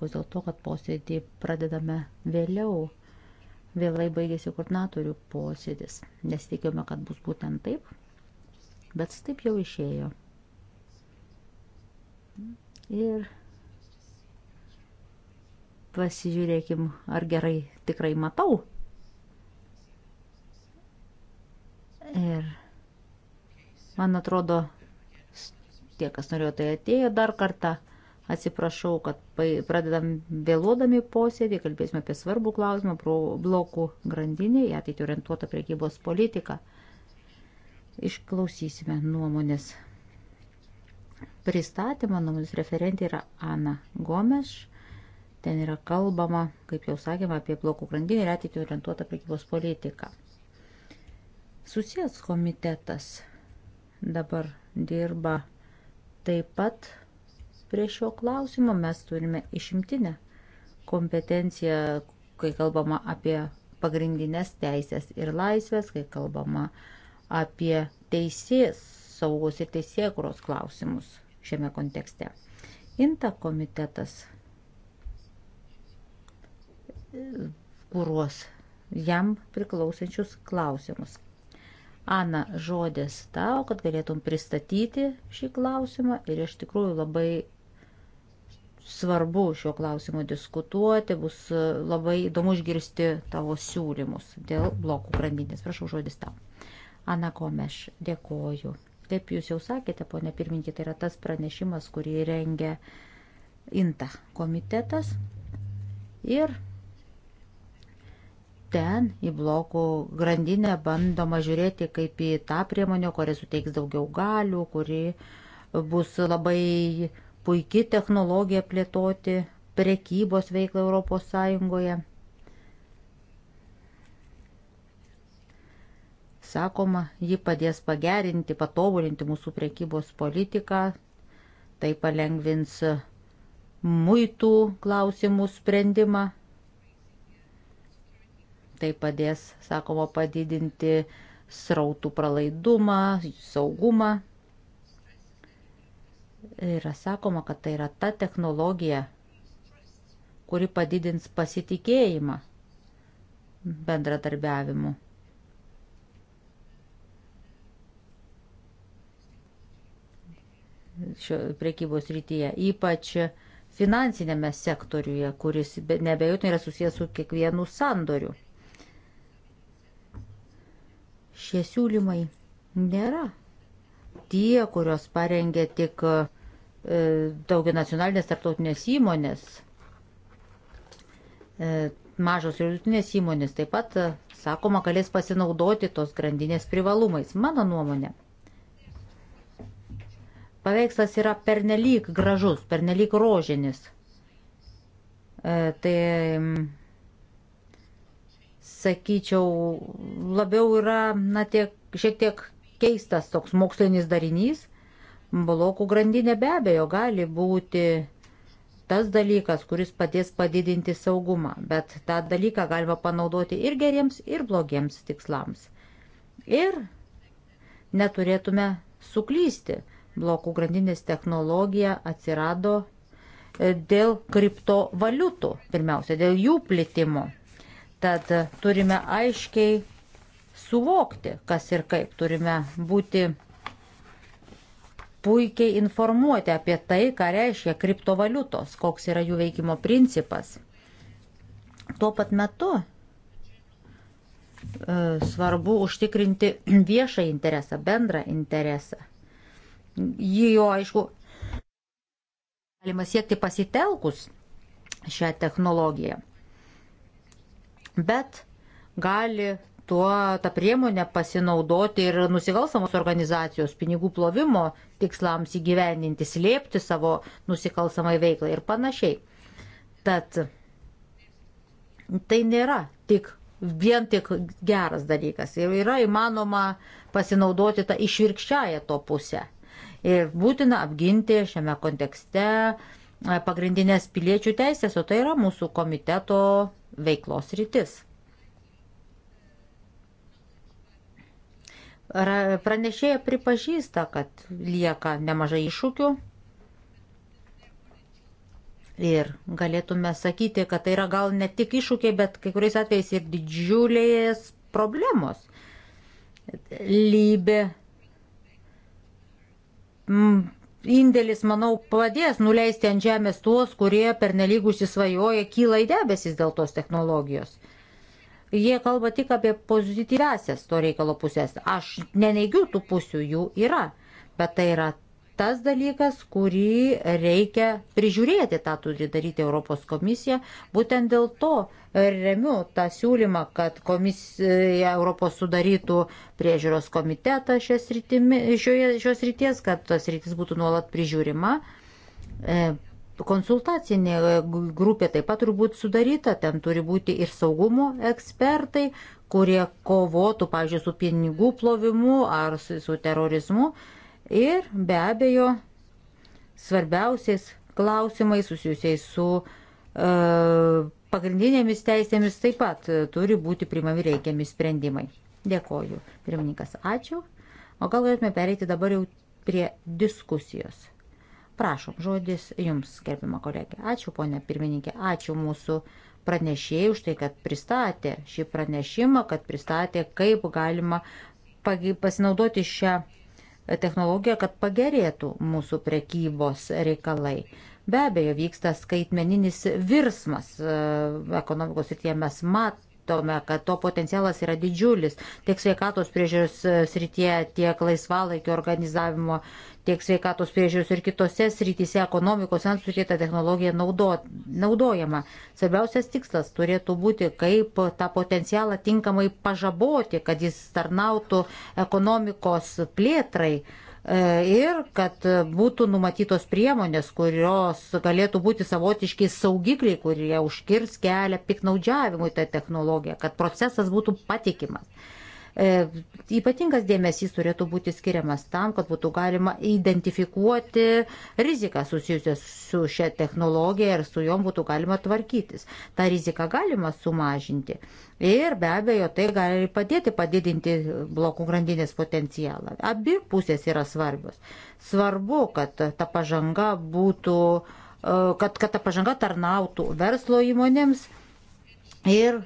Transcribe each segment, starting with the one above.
bus dėl to, kad posėdį pradedame vėliau. Vėlai baigėsi koordinatorių posėdis. Nesitikėjome, kad bus būtent taip, bet taip jau išėjo. Ir pasižiūrėkim, ar gerai tikrai matau. Ir man atrodo, tie, kas norėjo, tai atėjo dar kartą. Atsiprašau, kad pradedam vėluodami posėdį, kalbėsime apie svarbų klausimą, blokų grandinį, į ateitį orientuotą priekybos politiką. Išklausysime nuomonės pristatymą. Nuomonės referentė yra Ana Gomeš. Ten yra kalbama, kaip jau sakėme, apie blokų grandinį ir ateitį orientuotą priekybos politiką. Susijęs komitetas dabar dirba taip pat prie šio klausimo. Mes turime išimtinę kompetenciją, kai kalbama apie pagrindinės teisės ir laisvės, kai kalbama apie teisės saugos ir teisėkuros klausimus šiame kontekste. Inta komitetas kūruos jam priklausančius klausimus. Ana, žodis tau, kad galėtum pristatyti šį klausimą ir iš tikrųjų labai svarbu šiuo klausimu diskutuoti, bus e, labai įdomu išgirsti tavo siūlymus dėl blokų grandinės. Prašau žodis tau. Ana Komeš, dėkoju. Kaip jūs jau sakėte, ponė pirmininkė, tai yra tas pranešimas, kurį rengia INTA komitetas. Ir ten į blokų grandinę bandoma žiūrėti kaip į tą priemonę, kuri suteiks daugiau galių, kuri bus labai puikiai technologija plėtoti prekybos veiklą Europos Sąjungoje. Sakoma, ji padės pagerinti, patobulinti mūsų prekybos politiką, tai palengvins muitų klausimų sprendimą, tai padės, sakoma, padidinti srautų pralaidumą, saugumą yra sakoma, kad tai yra ta technologija, kuri padidins pasitikėjimą bendradarbiavimu. Šio priekybos rytyje, ypač finansinėme sektoriuje, kuris nebejotinai yra susijęs su kiekvienu sandoriu. Šie siūlymai nėra tie, kurios parengė tik uh, E, daugia nacionalinės tarptautinės įmonės, e, mažos ir vidutinės įmonės taip pat, e, sakoma, galės pasinaudoti tos grandinės privalumais. Mano nuomonė, paveikslas yra pernelyg gražus, pernelyg rožinis. Tai, sakyčiau, labiau yra, na, tiek, šiek tiek keistas toks mokslinis darinys – Blokų grandinė be abejo gali būti tas dalykas, kuris padės padidinti saugumą, bet tą dalyką galima panaudoti ir geriems, ir blogiems tikslams. Ir neturėtume suklysti. Blokų grandinės technologija atsirado e, dėl kriptovaliutų, pirmiausia, dėl jų plitimo. Tad turime aiškiai suvokti, kas ir kaip. Turime būti puikiai informuoti apie tai, ką reiškia kriptovaliutos, koks yra jų veikimo principas. Tuo pat metu e, svarbu užtikrinti viešą interesą, bendrą interesą. Jį jo, aišku, galima siekti pasitelkus šią technologiją, bet gali tuo, tą priemonę pasinaudoti ir nusikalstamos organizacijos pinigų plovimo tikslams įgyvendinti, slėpti savo nusikalstamai veiklą ir panašiai. Tad tai nėra tik vien tik geras dalykas ir yra įmanoma pasinaudoti tą išvirkščiąją to pusę. Ir būtina apginti šiame kontekste e, pagrindinės piliečių teisės, o tai yra mūsų komiteto veiklos rytis. Pranešėja pripažįsta, kad lieka nemažai iššūkių ir galėtume sakyti, kad tai yra gal ne tik iššūkiai, bet kai kuriais atvejais ir didžiulės problemos. Lybė. Indėlis, manau, padės nuleisti ant žemės tuos, kurie pernelyg užsisvajoja, kyla į debesis dėl tos technologijos jie kalba tik apie pozityvesias to reikalo pusės. Aš neneigiu tų pusių, jų yra, bet tai yra tas dalykas, kurį reikia prižiūrėti, tą turi daryti Europos komisija. Būtent dėl to remiu tą siūlymą, kad komisija Europos sudarytų priežiūros komitetą šios ryties, kad tas rytis būtų nuolat prižiūrima. E, Konsultacinė e, grupė taip pat turi būti sudaryta, ten turi būti ir saugumo ekspertai, kurie kovotų, pavyzdžiui, su pinigų plovimu ar su, su terorizmu. Ir be abejo, svarbiausiais klausimais susijusiais su e, pagrindinėmis teisėmis taip pat e, turi būti primami reikiami sprendimai. Dėkoju. Pirmininkas, ačiū. O gal galėtume pereiti dabar jau prie diskusijos. Prašom, žodis jums, gerbima kolegė. Ačiū, ponė pirmininkė, ačiū mūsų pranešėjai už tai, kad pristatė šį pranešimą, kad pristatė, kaip galima pasinaudoti šią technologiją, kad pagerėtų mūsų prekybos reikalai. Be abejo, vyksta skaitmeninis virsmas e, ekonomikos ir tie mes mat, matome, kad to potencialas yra didžiulis tiek sveikatos priežiūros e, srityje, tiek laisvalaikio organizavimo, tiek sveikatos priežiūros ir kitose srityse ekonomikos ansutyje ta technologija naudo, naudojama. Svarbiausias tikslas turėtų būti, kaip tą potencialą tinkamai pažaboti, kad jis tarnautų ekonomikos plėtrai E, ir kad būtų numatytos priemonės, kurios galėtų būti savotiški saugikliai, kurie užkirs kelią piknaudžiavimui tą technologiją, kad procesas būtų patikimas. E, ypatingas dėmesys turėtų būti skiriamas tam, kad būtų galima identifikuoti riziką susijusią su šia technologija ir su juom būtų galima tvarkytis. Ta rizika galima sumažinti ir be abejo tai gali padėti padidinti blokų grandinės potencialą. Abi pusės yra svarbios. Svarbu, kad ta pažanga būtų, e, kad, kad ta pažanga tarnautų verslo įmonėms ir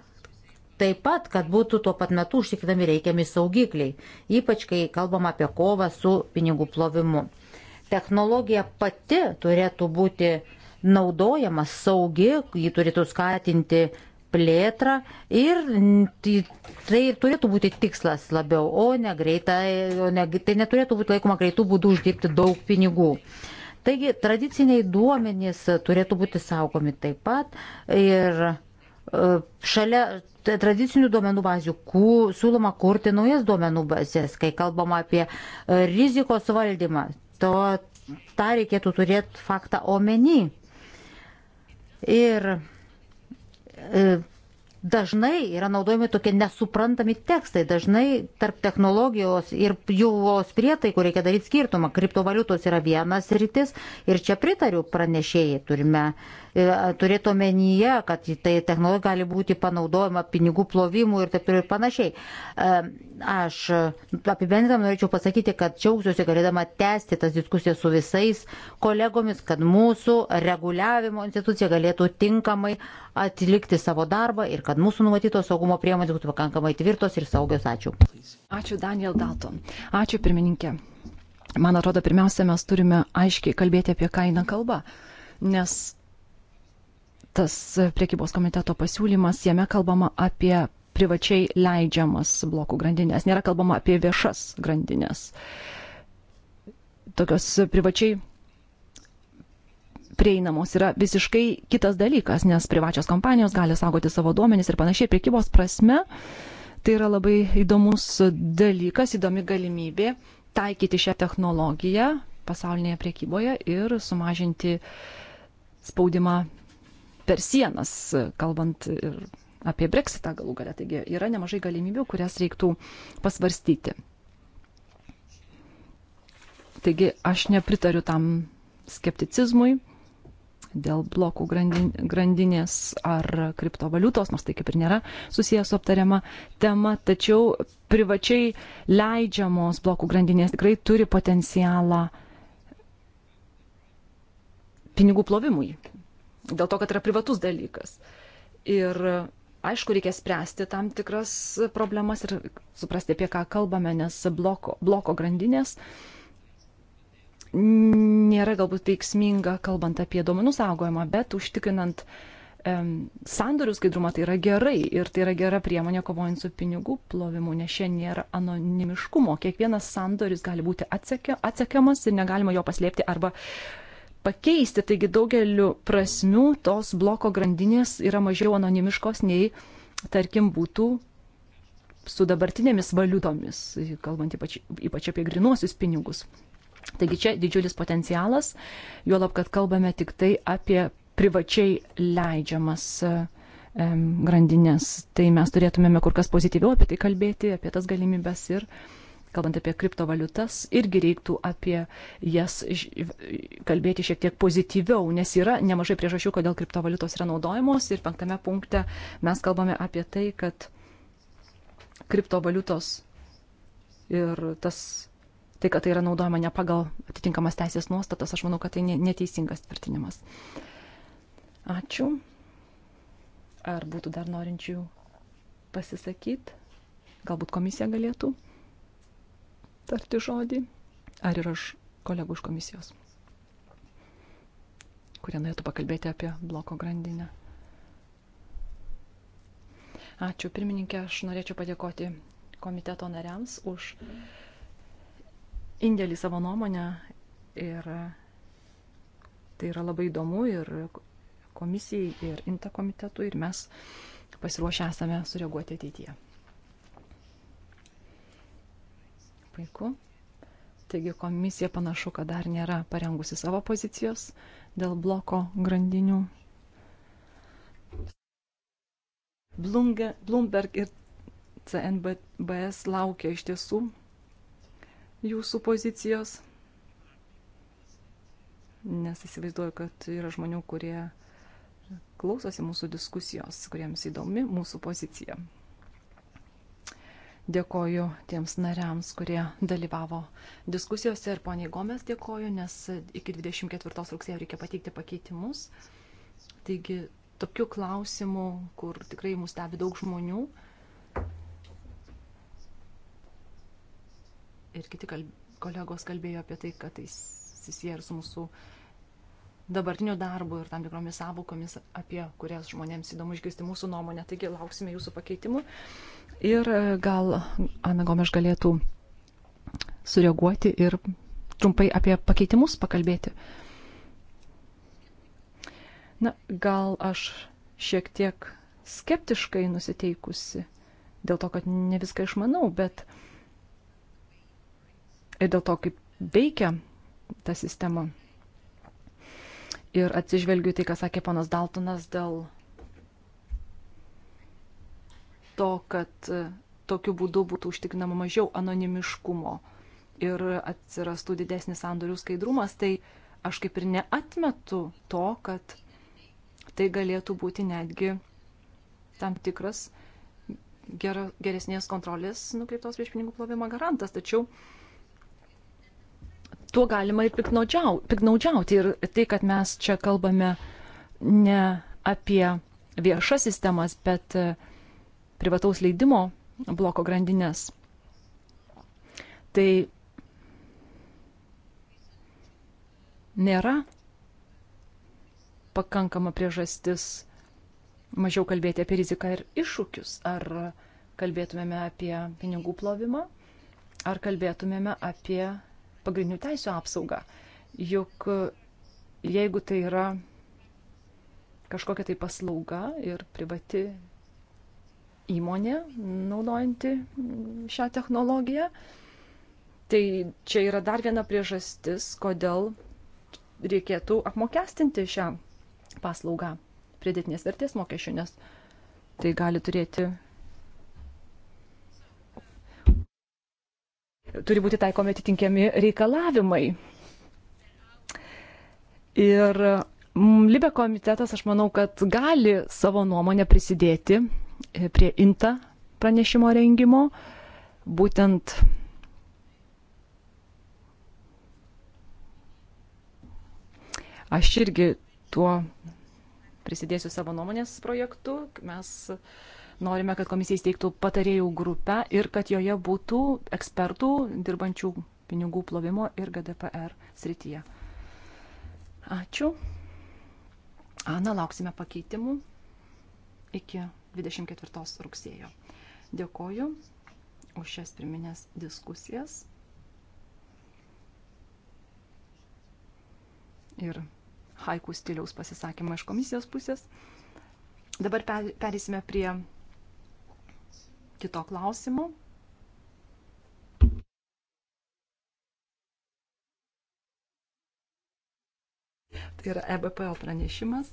Taip pat, kad būtų tuo pat metu užtikrinami reikiami saugikliai, ypač kai kalbam apie kovą su pinigų plovimu. Technologija pati turėtų būti naudojama saugi, ji turėtų skatinti plėtrą ir tai turėtų būti tikslas labiau, o ne greitai, o ne, tai neturėtų būti laikoma greitų būdų uždirbti daug pinigų. Taigi tradiciniai duomenys turėtų būti saugomi taip pat ir Šalia tradicinių duomenų bazių kū, siūloma kurti naujas duomenų bazės, kai kalbama apie e, rizikos valdymą. To, tą reikėtų turėti faktą omeny. Ir e, Dažnai yra naudojami tokie nesuprantami tekstai, dažnai tarp technologijos ir jos prietaikų reikia daryti skirtumą. Kriptovaliutos yra vienas rytis ir čia pritariu pranešėjai. Turime e, turėti omenyje, kad tai technologija gali būti panaudojama pinigų plovimų ir taip toliau ir panašiai. E, Aš apibendrinam norėčiau pasakyti, kad džiaugsiuosi galėdama tęsti tas diskusijas su visais kolegomis, kad mūsų reguliavimo institucija galėtų tinkamai atlikti savo darbą ir kad mūsų numatytos saugumo priemonės būtų pakankamai tvirtos ir saugios. Ačiū. Ačiū Daniel Dalton. Ačiū pirmininkė. Man atrodo, pirmiausia, mes turime aiškiai kalbėti apie kainą kalbą, nes tas priekybos komiteto pasiūlymas, jame kalbama apie privačiai leidžiamas blokų grandinės, nėra kalbama apie viešas grandinės. Tokios privačiai prieinamos yra visiškai kitas dalykas, nes privačios kompanijos gali saugoti savo duomenys ir panašiai. Priekybos prasme tai yra labai įdomus dalykas, įdomi galimybė taikyti šią technologiją pasaulinėje priekyboje ir sumažinti spaudimą per sienas, kalbant ir apie breksitą galų galę. Taigi yra nemažai galimybių, kurias reiktų pasvarstyti. Taigi aš nepritariu tam skepticizmui dėl blokų grandinės ar kriptovaliutos, nors tai kaip ir nėra susijęs su aptariama tema, tačiau privačiai leidžiamos blokų grandinės tikrai turi potencialą pinigų plovimui, dėl to, kad yra privatus dalykas. Ir aišku, reikia spręsti tam tikras problemas ir suprasti, apie ką kalbame, nes bloko, bloko grandinės nėra galbūt veiksminga, kalbant apie duomenų saugojimą, bet užtikrinant um, sandorių skaidrumą tai yra gerai ir tai yra gera priemonė kovojant su pinigų plovimu, nes šiandien nėra anonimiškumo. Kiekvienas sandoris gali būti atsekia, atsekiamas ir negalima jo paslėpti arba pakeisti. Taigi daugeliu prasmių tos bloko grandinės yra mažiau anonimiškos nei, tarkim, būtų su dabartinėmis valiutomis, kalbant ypač, ypač apie grinuosius pinigus. Taigi čia didžiulis potencialas, juolab, kad kalbame tik tai apie privačiai leidžiamas grandinės. Tai mes turėtumėme kur kas pozityviau apie tai kalbėti, apie tas galimybės ir uh, kalbant apie kriptovaliutas, irgi reiktų apie jas kalbėti šiek tiek pozityviau, nes yra nemažai priežasčių, kodėl kriptovaliutos yra naudojamos. Ir penktame punkte mes kalbame apie tai, kad kriptovaliutos ir tas, tai, kad tai yra naudojama ne pagal atitinkamas teisės nuostatas, aš manau, kad tai neteisingas tvirtinimas. Ačiū. Ar būtų dar norinčių pasisakyti? Galbūt komisija galėtų? tarti žodį? Ar yra kolegų iš komisijos, kurie norėtų pakalbėti apie bloko grandinę? Ačiū, pirmininkė, aš norėčiau padėkoti komiteto nariams už indėlį savo nuomonę ir tai yra labai įdomu ir komisijai, ir inta komitetui, ir mes pasiruošę esame sureaguoti ateityje. Puiku. Taigi komisija panašu, kad dar nėra parengusi savo pozicijos dėl bloko grandinių. Blunge, Bloomberg ir CNBS laukia iš tiesų jūsų pozicijos, nes įsivaizduoju, kad yra žmonių, kurie klausosi mūsų diskusijos, kuriems įdomi mūsų pozicija. Dėkoju tiems nariams, kurie dalyvavo diskusijose ir poniai Gomes dėkoju, nes iki 24 rugsėjo reikia pateikti pakeitimus. Taigi, tokių klausimų, kur tikrai mūsų stebi daug žmonių. Ir kiti kalb... kolegos kalbėjo apie tai, kad tai susiję ir su mūsų dabartiniu darbu ir tam tikromis savokomis, apie kurias žmonėms įdomu išgirsti mūsų nuomonę. Taigi lauksime jūsų pakeitimų. Ir e, gal Ana Gomeš galėtų sureaguoti ir trumpai apie pakeitimus pakalbėti. Na, gal aš šiek tiek skeptiškai nusiteikusi dėl to, kad ne viską išmanau, bet ir dėl to, kaip veikia ta sistema. Ir atsižvelgiu tai, ką sakė ponas Daltonas dėl to, kad e, tokiu būdu būtų užtikrinama mažiau anonimiškumo ir atsirastų didesnis sandorių skaidrumas, tai aš kaip ir neatmetu to, kad tai galėtų būti netgi tam tikras gera, geresnės kontrolės nukreiptos prieš pinigų plovimą garantas. Tačiau tuo galima ir piknaudžiauti. Ir tai, kad mes čia kalbame ne apie viešas sistemas, bet uh, privataus leidimo bloko grandinės. Tai nėra pakankama priežastis mažiau kalbėti apie riziką ir iššūkius. Ar kalbėtumėme apie pinigų plovimą, ar kalbėtumėme apie pagrindinių teisų apsaugą. Juk jeigu tai yra kažkokia tai paslauga ir privati įmonė naudojanti šią technologiją. Tai čia yra dar viena priežastis, kodėl reikėtų apmokestinti šią paslaugą pridėtinės vertės mokesčių, nes tai gali turėti. Turi būti taikomi atitinkiami reikalavimai. Ir mm, Libe komitetas, aš manau, kad gali savo nuomonę prisidėti E, prie INTA pranešimo rengimo, būtent aš irgi tuo prisidėsiu savo nuomonės projektu. Mes norime, kad komisija įsteigtų patarėjų grupę ir kad joje būtų ekspertų dirbančių pinigų plovimo ir GDPR srityje. Ačiū. Ana, lauksime pakeitimų iki 24 rugsėjo. Dėkoju už šias pirminės diskusijas. Ir haiku stiliaus pasisakymą iš komisijos pusės. Dabar perėsime prie kito klausimo. Tai yra EBPO pranešimas,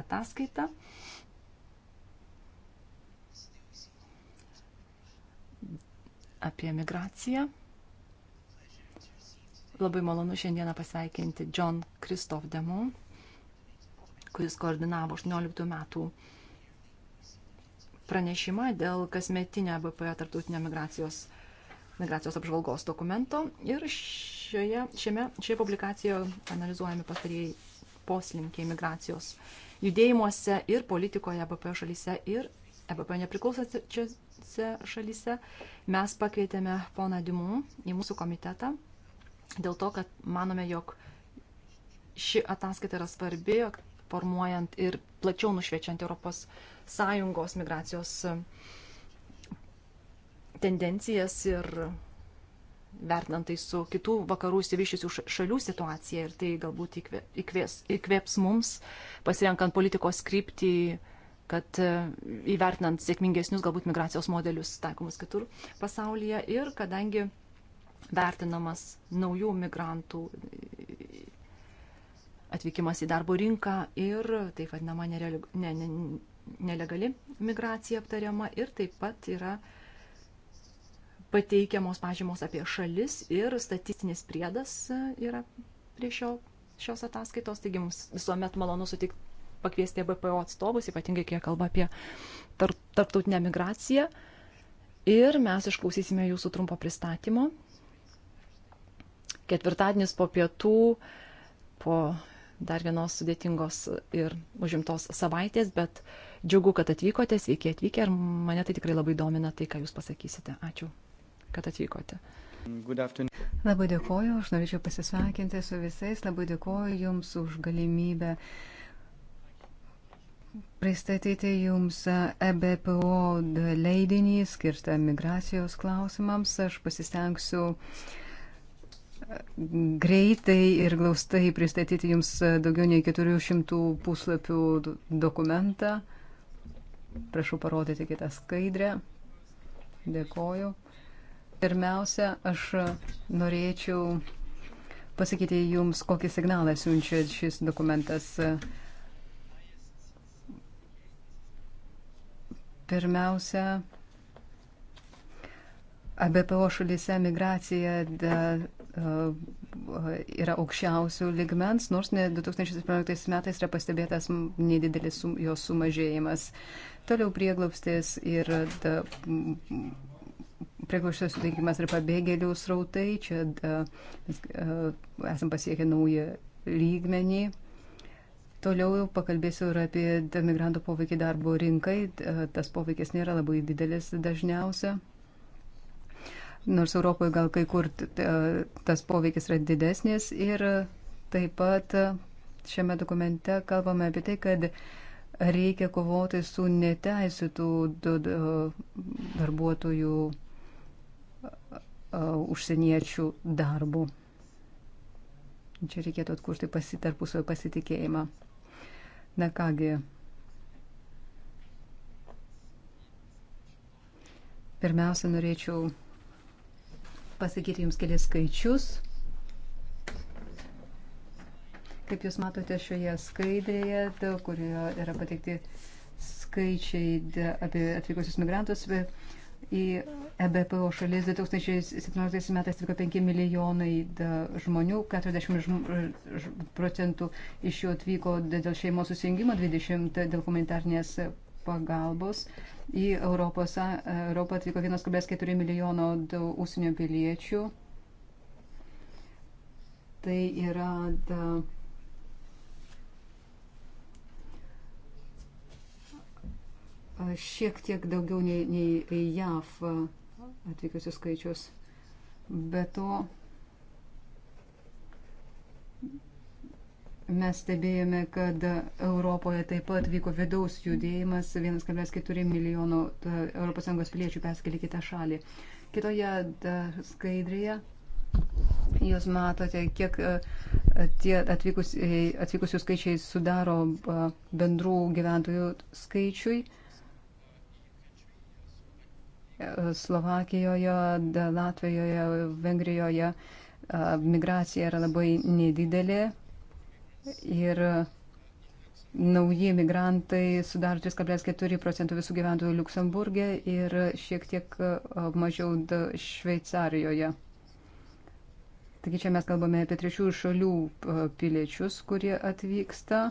ataskaita. apie migraciją. Labai malonu šiandieną pasveikinti John Kristof Demu, kuris koordinavo 18 metų pranešimą dėl kasmetinio BPE tarptautinio migracijos, migracijos apžvalgos dokumento. Ir šioje, šiame, šioje publikacijoje analizuojami pastarėjai poslinkiai migracijos judėjimuose ir politikoje BPE šalyse ir EBP nepriklausančiose kitose šalyse. Mes pakvietėme poną Dimų į mūsų komitetą dėl to, kad manome, jog ši ataskaita yra svarbi, formuojant ir plačiau nušviečiant Europos Sąjungos migracijos e, tendencijas ir vertinant tai su kitų vakarų įsivyščiusių šalių situacija ir tai galbūt įkvės, įkvėps mums, pasirenkant politikos kryptį kad e, įvertinant sėkmingesnius galbūt migracijos modelius taikomus kitur pasaulyje ir kadangi vertinamas naujų migrantų atvykimas į darbo rinką ir taip vadinama nereali, ne, ne, nelegali migracija aptariama ir taip pat yra pateikiamos pažymos apie šalis ir statistinis priedas yra prie šio, šios ataskaitos, taigi mums visuomet malonu sutikti pakviesti BPO atstovus, ypatingai kai kalba apie tarptautinę migraciją. Ir mes išklausysime jūsų trumpo pristatymo. Ketvirtadienis po pietų, po dar vienos sudėtingos ir užimtos savaitės, bet džiugu, kad atvykote, sveiki atvykę ir mane tai tikrai labai domina tai, ką jūs pasakysite. Ačiū, kad atvykote. Labai dėkoju, aš norėčiau pasisakinti su visais, labai dėkoju Jums už galimybę pristatyti Jums EBPO leidinį skirtą migracijos klausimams. Aš pasistengsiu greitai ir glaustai pristatyti Jums daugiau nei 400 puslapių dokumentą. Prašau parodyti kitą skaidrę. Dėkoju. Pirmiausia, aš norėčiau pasakyti Jums, kokį signalą siunčia šis dokumentas Pirmiausia, ABPO šalyse migracija da, yra aukščiausių ligmens, nors ne 2017 metais yra pastebėtas nedidelis sum, jos sumažėjimas. Toliau prieglobstis ir da, prieglobščio suteikimas ir pabėgėlių srautai. Čia da, mes a, esam pasiekę naują lygmenį. Toliau jau pakalbėsiu ir apie migrantų poveikį darbo rinkai. Tas poveikis nėra labai didelis dažniausia. Nors Europoje gal kai kur tas poveikis yra didesnis. Ir taip pat šiame dokumente kalbame apie tai, kad reikia kovoti su neteisėtų darbuotojų užsieniečių darbu. Čia reikėtų atkurti pasi, tarpusavio pasitikėjimą. Na kągi. Pirmiausia, norėčiau pasakyti Jums kelias skaičius. Kaip Jūs matote šioje skaidrėje, kurioje yra pateikti skaičiai apie atvykusius migrantus, bet į EBPO šalis 2017 metais atvyko 5 milijonai žmonių, 40 procentų iš jų atvyko dėl šeimos susijungimo, 20 dėl humanitarnės pagalbos. Į Europos, Europą atvyko 1,4 milijono užsienio piliečių. Tai yra da, šiek tiek daugiau nei, nei JAV atvykusių skaičius. Be to, mes stebėjome, kad Europoje taip pat vyko vidaus judėjimas, 1,4 milijono ES piliečių perskėlė kitą šalį. Kitoje e, skaidrėje jūs matote, kiek e, tie atvykus, e, atvykusių skaičiai sudaro bendrų gyventojų skaičiui. Slovakijoje, Latvijoje, Vengrijoje migracija yra labai nedidelė ir nauji migrantai sudaro 3,4 procentų visų gyventojų Luksemburgė ir šiek tiek mažiau Šveicarijoje. Taigi čia mes kalbame apie trečių šalių piliečius, kurie atvyksta.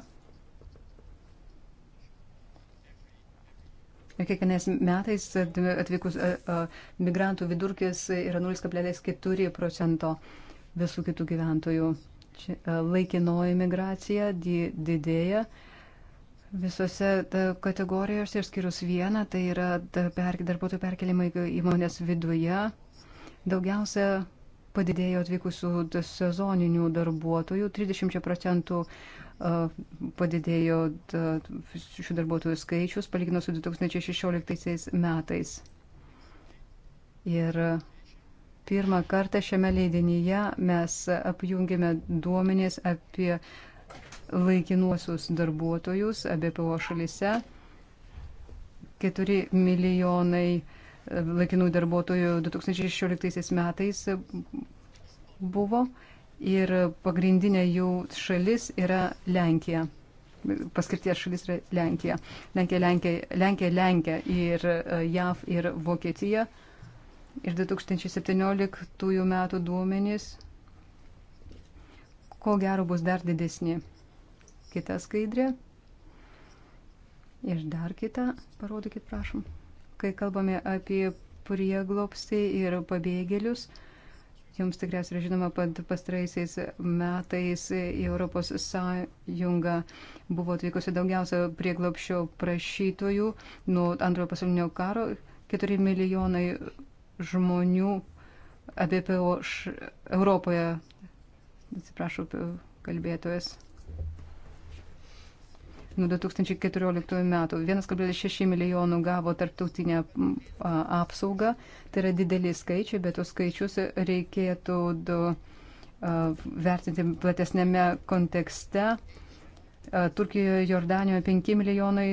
Ir kiekvienais metais atvykus migrantų vidurkis yra 0,4 procento visų kitų gyventojų. Laikinoji migracija didėja visose kategorijose, išskyrus vieną, tai yra darbuotojų perkelimai įmonės viduje. Daugiausia padidėjo atvykusių sezoninių darbuotojų, 30 procentų padidėjo šių darbuotojų skaičius palyginus su 2016 metais. Ir pirmą kartą šiame leidinyje mes apjungėme duomenys apie laikinuosius darbuotojus ABPO šalyse. 4 milijonai e, laikinų darbuotojų 2016 metais buvo ir pagrindinė jų šalis yra Lenkija. Paskirties šalis yra Lenkija. Lenkija, Lenkija, Lenkija, Lenkija ir e, JAV ir Vokietija. Ir 2017 metų duomenys, ko gero, bus dar didesni. Kita skaidrė. Ir dar kitą, parodykit, prašom. Kai kalbame apie prieglopstį ir pabėgėlius, uh, Jums tikriausiai yra žinoma, kad pastaraisiais metais į Europos sąjungą buvo atvykusi daugiausia prieglopšio prašytojų nuo antrojo pasaulinio karo - 4 milijonai žmonių ABPO š... Europoje. Atsiprašau, kalbėtojas nuo 2014 metų. 1,6 milijonų gavo tarptautinę apsaugą. Tai yra dideli skaičiai, bet tos skaičius reikėtų du, vertinti platesnėme kontekste. Turkijoje, Jordanijoje 5 milijonai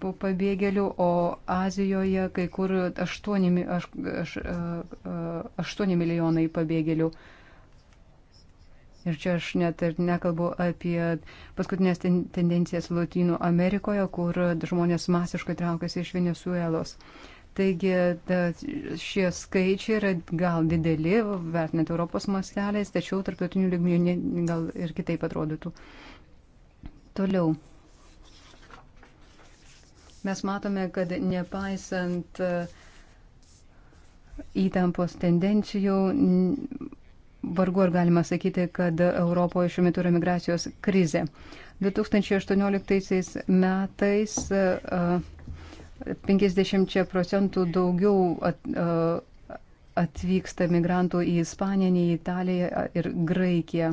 pabėgėlių, o Azijoje kai kur 8, 8 milijonai pabėgėlių. Uh, Ir čia aš net ir nekalbu apie paskutinės tendencijas Latino Amerikoje, kur žmonės masiškai traukiasi iš Venezuelos. Taigi ta, šie skaičiai yra gal dideli, vertinant Europos masteliais, tačiau tarptautinių lygmenių gal ir kitaip atrodytų. Toliau. Mes matome, kad nepaisant įtampos tendencijų, vargu ar galima sakyti, kad Europoje šiuo metu yra migracijos krizė. 2018 metais 50 procentų daugiau atvyksta migrantų į Ispaniją, į Italiją ir Graikiją.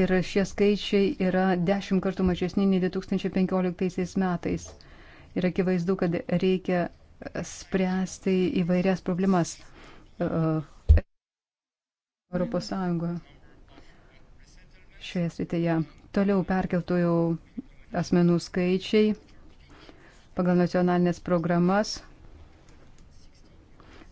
Ir šie skaičiai yra dešimt kartų mažesni nei 2015 metais. Ir akivaizdu, kad reikia spręsti įvairias problemas uh, Europos Sąjungoje šioje srityje. Toliau perkeltųjų asmenų skaičiai pagal nacionalinės programas.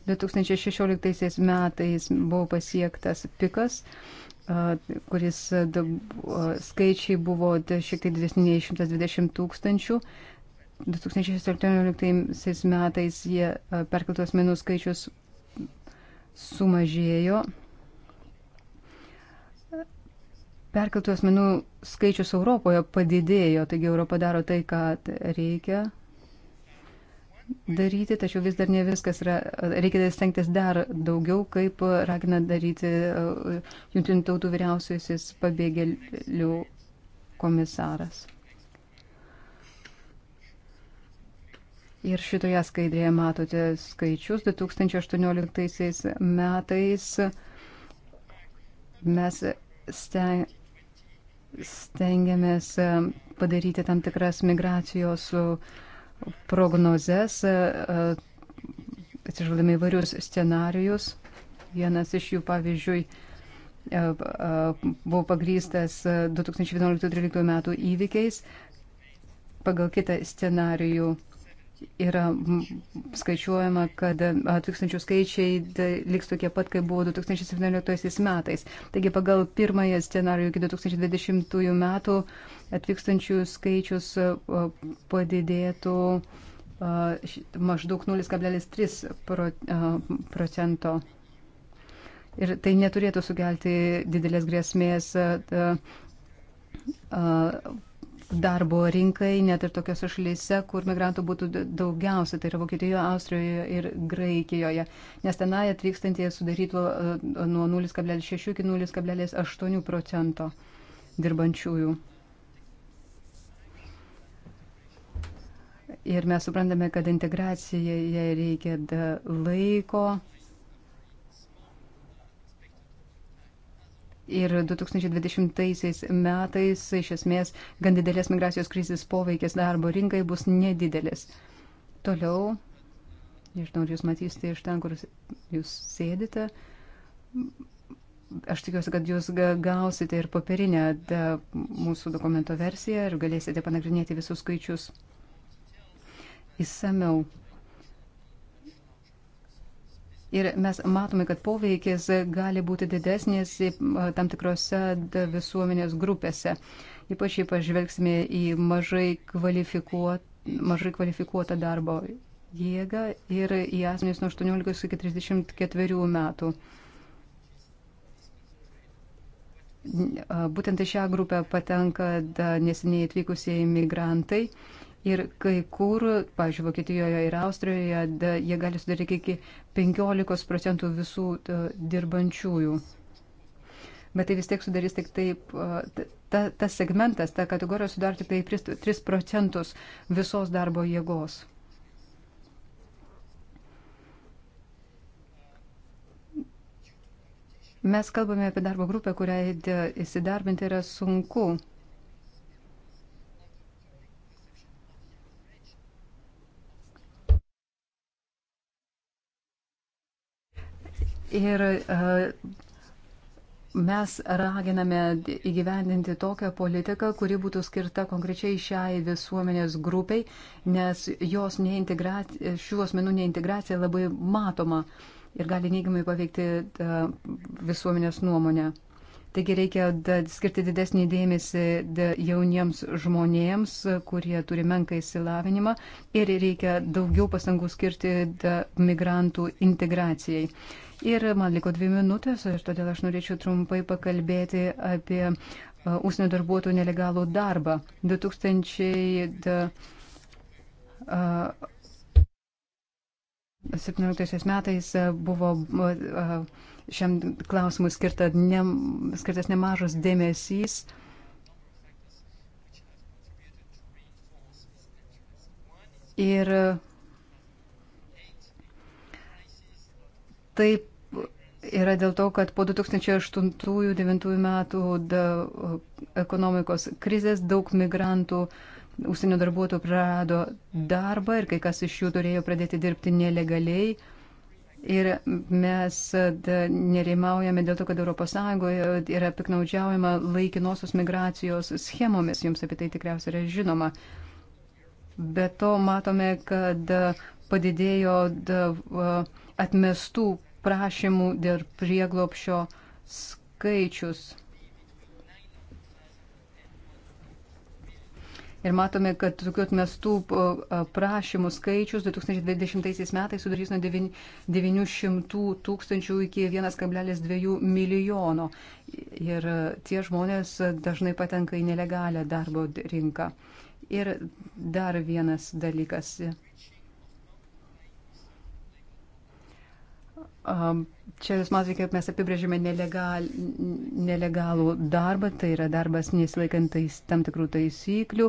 2016 metais buvo pasiektas pikas, uh, kuris uh, uh, skaičiai buvo šiek tiek didesni nei 120 tūkstančių. 2017 metais jie perkeltų asmenų skaičius sumažėjo. Perkeltų asmenų skaičius Europoje padidėjo, taigi Europa daro tai, ką reikia daryti, tačiau vis dar ne viskas yra, reikia stengtis dar daugiau, kaip ragina daryti uh, Junktinių tautų vyriausiasis pabėgėlių komisaras. Ir šitoje skaidrėje matote skaičius 2018 metais. Mes stengiamės e, padaryti tam tikras migracijos prognozes, e, atsižvelgdami įvairius scenarius. Vienas iš jų, pavyzdžiui, e, buvo pagrystas 2011-2013 metų įvykiais. Pagal kitą scenarijų yra skaičiuojama, kad tūkstančių skaičiai liks tokie pat, kaip buvo 2017 metais. Taigi pagal pirmąją scenarijų iki 2020 metų atvykstančių skaičius padidėtų maždaug 0,3 procento. Ir tai neturėtų sukelti didelės grėsmės darbo rinkai, net ir tokiose šalyse, kur migrantų būtų daugiausia, tai yra Vokietijoje, Austrijoje ir Graikijoje, nes tenai atvykstantieji sudarytų e, nuo 0,6 iki 0,8 procento dirbančiųjų. Ir mes suprantame, kad integracijai reikia laiko. Ir 2020 metais iš esmės gan didelės migracijos krizės poveikis darbo rinkai bus nedidelis. Toliau, nežinau, ar jūs matysite iš ten, kur jūs sėdite. Aš tikiuosi, kad jūs gausite ir popierinę mūsų dokumento versiją ir galėsite panagrinėti visus skaičius įsameu ir mes matome, kad poveikis gali būti didesnis e, tam tikrose visuomenės grupėse. Ypač jei pažvelgsime į mažai, kvalifikuot, mažai kvalifikuotą darbo jėgą ir į asmenys nuo 18 iki 34 metų būtent į šią grupę patenka neseniai atvykusieji migrantai. Ir kai kur, pažiūrėjau, Vokietijoje ir Austrijoje, da, jie gali sudaryti iki 15 procentų visų da, dirbančiųjų. Bet tai vis tiek sudarys tik taip, ta, tas segmentas, ta kategorija sudaro tik tai 3, 3 procentus visos darbo jėgos. Mes kalbame apie darbo grupę, kuriai įsidarbinti yra sunku. Ir e, mes raginame įgyvendinti tokią politiką, kuri būtų skirta konkrečiai šiai visuomenės grupiai, nes jos šių asmenų neintegracija labai matoma ir gali neigiamai paveikti e, visuomenės nuomonę. Taigi reikia skirti didesnį dėmesį jauniems žmonėms, kurie turi menką įsilavinimą ir reikia daugiau pasangų skirti migrantų integracijai. Ir man liko dvi minutės, ir todėl aš norėčiau trumpai pakalbėti apie e, užsienio darbuotojų nelegalų darbą. 2017 e, e, metais buvo šiam klausimui skirta ne, skirtas nemažas dėmesys. Ir taip yra dėl to, kad po 2008-2009 metų ekonomikos krizės daug migrantų užsienio darbuotojų prarado darbą ir kai kas iš jų turėjo pradėti dirbti nelegaliai. Ir mes nerimaujame dėl to, kad ES yra piknaudžiaujama laikinosios migracijos schemomis, jums apie tai tikriausiai yra žinoma. Be to matome, kad padidėjo atmestų prašymų dėl prieglopšio skaičius. Ir matome, kad tokių atmestų prašymų skaičius 2020 metais sudarys nuo 900 tūkstančių iki 1,2 milijono. Ir tie žmonės dažnai patenka į nelegalią darbo rinką. Ir dar vienas dalykas Um, čia jūs matote, kaip mes apibrėžėme nelegal, nelegalų darbą, tai yra darbas nesilaikant tais, tam tikrų taisyklių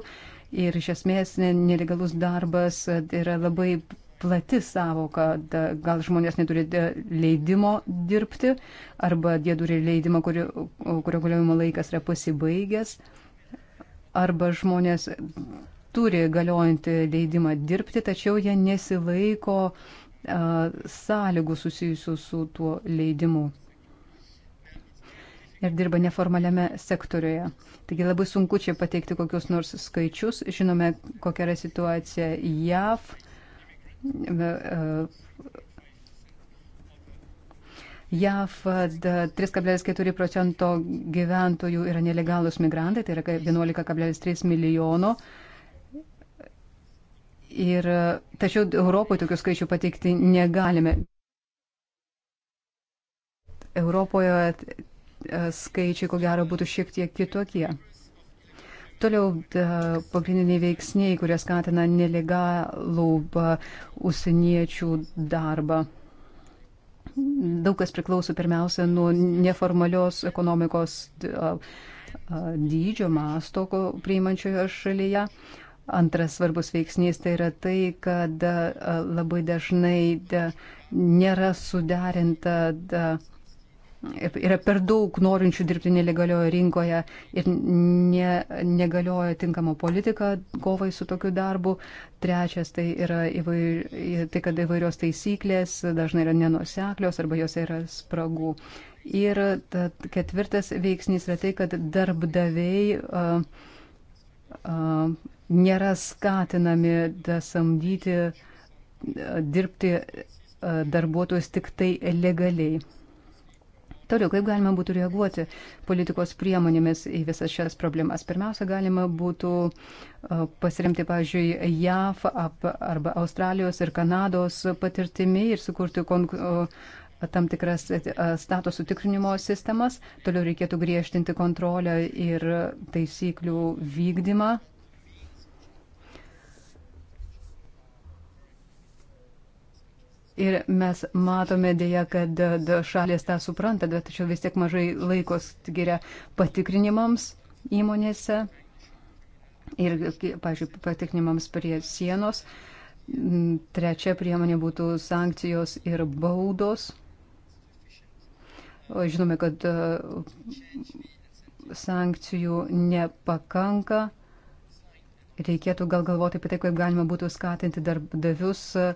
ir iš esmės nelegalus darbas e, yra labai plati savoka, gal žmonės neturi e, leidimo dirbti arba jie turi leidimą, kurio, kurio galiojimo laikas yra pasibaigęs, arba žmonės turi galiojantį leidimą dirbti, tačiau jie nesilaiko uh, sąlygų susijusių su tuo leidimu. Ir dirba neformaliame sektoriuje. Taigi labai sunku čia pateikti kokius nors skaičius. Žinome, kokia yra situacija JAV. JAV 3,4 procento gyventojų yra nelegalus migrantai, tai yra 11,3 milijono. Uh, Ir, tačiau Europoje tokių skaičių pateikti negalime. Europoje e, skaičiai, ko gero, būtų šiek tiek kitokie. Toliau e, pagrindiniai veiksniai, kurie skatina nelegalų e, užsieniečių darbą. Daug kas priklauso pirmiausia nuo neformalios ekonomikos dydžio masto priimančioje šalyje. Antras svarbus veiksnys tai yra tai, kad labai dažnai nėra suderinta, yra per daug norinčių dirbti nelegalioje rinkoje ir ne, negalioja tinkama politika kovai su tokiu darbu. Trečias tai yra įvair, tai, kad įvairios taisyklės dažnai yra nenuseklios arba jos yra spragų. Ir ketvirtas veiksnys yra tai, kad darbdaviai. Uh, uh, nėra skatinami samdyti, e, dirbti e, darbuotojus tik tai legaliai. Toliau, kaip galima būtų reaguoti politikos priemonėmis į visas šias problemas? Pirmiausia, galima būtų e, pasiremti, pavyzdžiui, JAV arba Australijos ir Kanados patirtimi ir sukurti tam tikras statusų tikrinimo sistemas. Toliau reikėtų griežtinti kontrolę ir taisyklių vykdymą Ir mes matome dėja, kad šalės tą supranta, bet tačiau vis tiek mažai laikos skiria patikrinimams įmonėse ir, pažiūrėjau, patikrinimams prie sienos. Trečia priemonė būtų sankcijos ir baudos. O žinome, kad e, sankcijų nepakanka. Reikėtų gal galvoti apie tai, kaip galima būtų skatinti darbdavius uh,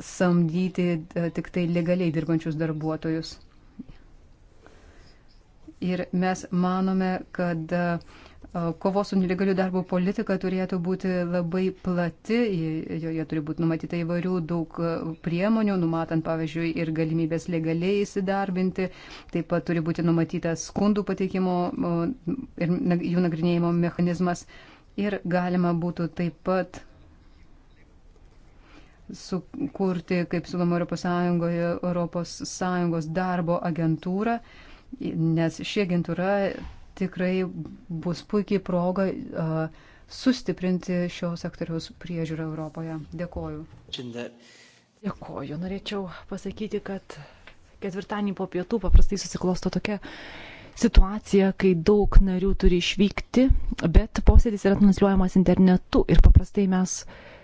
samdyti e, tik tai legaliai dirbančius darbuotojus. Ir mes manome, kad e, kovos su nelegaliu darbo politika turėtų būti labai plati, joje turi būti numatyta įvairių daug e, priemonių, numatant, pavyzdžiui, ir galimybės legaliai įsidarbinti, taip pat turi būti numatytas skundų pateikimo ir jų nagrinėjimo mechanizmas. Ir galima būtų taip pat sukurti, kaip siūloma Europos Sąjungoje, Europos Sąjungos darbo agentūrą, nes ši agentūra tikrai bus puikiai proga uh, sustiprinti šio sektoriaus priežiūrą Europoje. Dėkoju. Dėkoju. Norėčiau pasakyti, kad ketvirtadienį po pietų paprastai susiklosto tokia situacija, kai daug narių turi išvykti, bet posėdis yra transliuojamas internetu ir paprastai mes uh,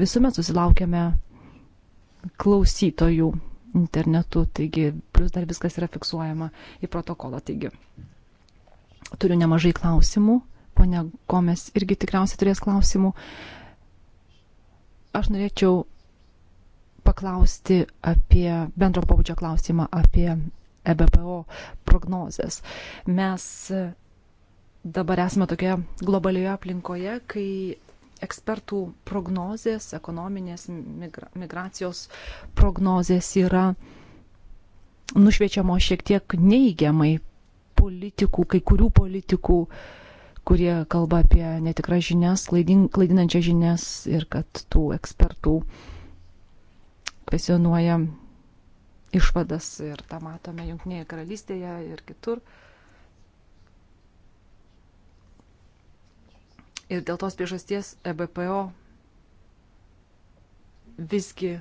visuomet susilaukiame klausytojų internetu, taigi plus dar viskas yra fiksuojama į protokolą. Taigi turiu nemažai klausimų, ponia Gomes irgi tikriausiai turės klausimų. Aš norėčiau paklausti apie bendro pabudžio klausimą apie EBPO prognozes. Mes dabar esame tokioje globalioje aplinkoje, kai ekspertų prognozės, ekonominės migra migracijos prognozės yra nušviečiamos šiek tiek neigiamai politikų, kai kurių politikų, kurie kalba apie netikras žinias, klaidin, klaidinančias žinias ir kad tų ekspertų kvesionuoja išvadas ir tą matome Junktinėje karalystėje ir kitur. Uh, Ir dėl tos priežasties EBPO visgi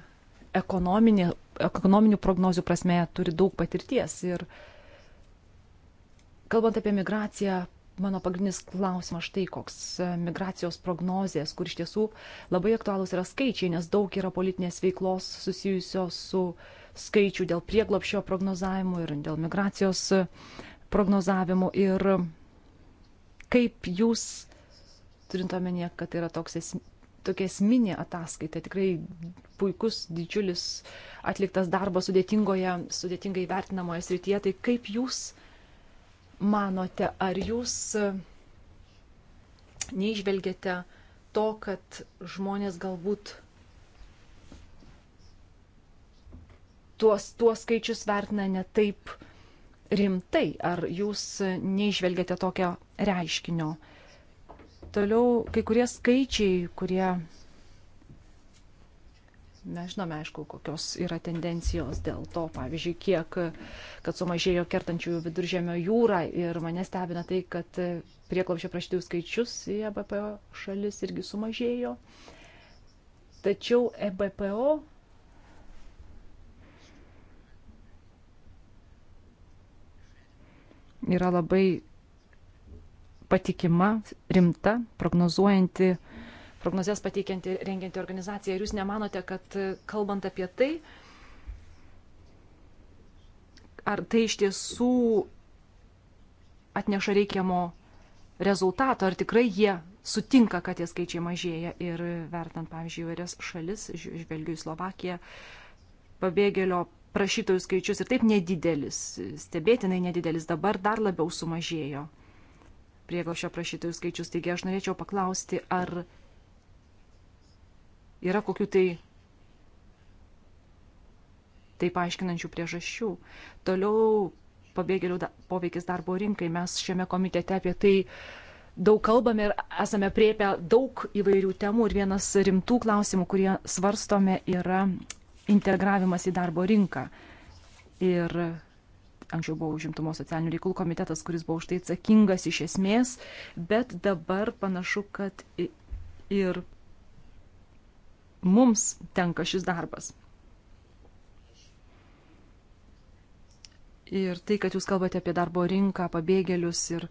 ekonominė, ekonominių prognozių prasme turi daug patirties. Ir kalbant apie migraciją, mano pagrindinis klausimas štai koks - migracijos prognozės, kur iš tiesų labai aktualūs yra skaičiai, nes daug yra politinės veiklos susijusios su skaičių dėl prieglopšio prognozavimo ir dėl migracijos prognozavimo. Ir kaip jūs turint omenyje, kad yra toks esmė. Tokia esminė ataskaita, tikrai puikus, didžiulis atliktas darbas sudėtingoje, sudėtingai vertinamoje srityje. Tai kaip jūs manote, ar jūs neižvelgiate to, kad žmonės galbūt tuos, tuos skaičius vertina ne taip rimtai, ar jūs neižvelgiate tokio reiškinio? Toliau kai kurie skaičiai, kurie Mes žinome, aišku, kokios yra tendencijos dėl to, pavyzdžiui, kiek, kad sumažėjo kertančiųjų viduržėmio jūrą ir mane stebina tai, kad prieklopšio prašytojų skaičius į EBPO šalis irgi sumažėjo. Tačiau EBPO yra labai patikima, rimta, prognozuojanti, prognozes pateikianti, rengianti organizacija. Ir jūs nemanote, kad e, kalbant apie tai, ar tai iš tiesų atneša reikiamo rezultato, ar tikrai jie sutinka, kad tie skaičiai mažėja ir vertant, pavyzdžiui, įvairias šalis, žvelgiu į Slovakiją, pabėgėlio prašytojų skaičius ir taip nedidelis, stebėtinai nedidelis, dabar dar labiau sumažėjo prieglošio prašytojų skaičius. Taigi aš norėčiau paklausti, ar yra kokiu tai tai paaiškinančių priežasčių. Toliau pabėgėlių da, poveikis darbo rinkai. Mes šiame komitete apie tai daug kalbame ir esame priepę daug įvairių temų ir vienas rimtų klausimų, kurie svarstome, yra integravimas į darbo rinką. Ir anksčiau buvo užimtumo socialinių reikalų komitetas, kuris buvo už tai atsakingas iš esmės, bet dabar panašu, kad ir mums tenka šis darbas. Ir tai, kad jūs kalbate apie darbo rinką, pabėgėlius ir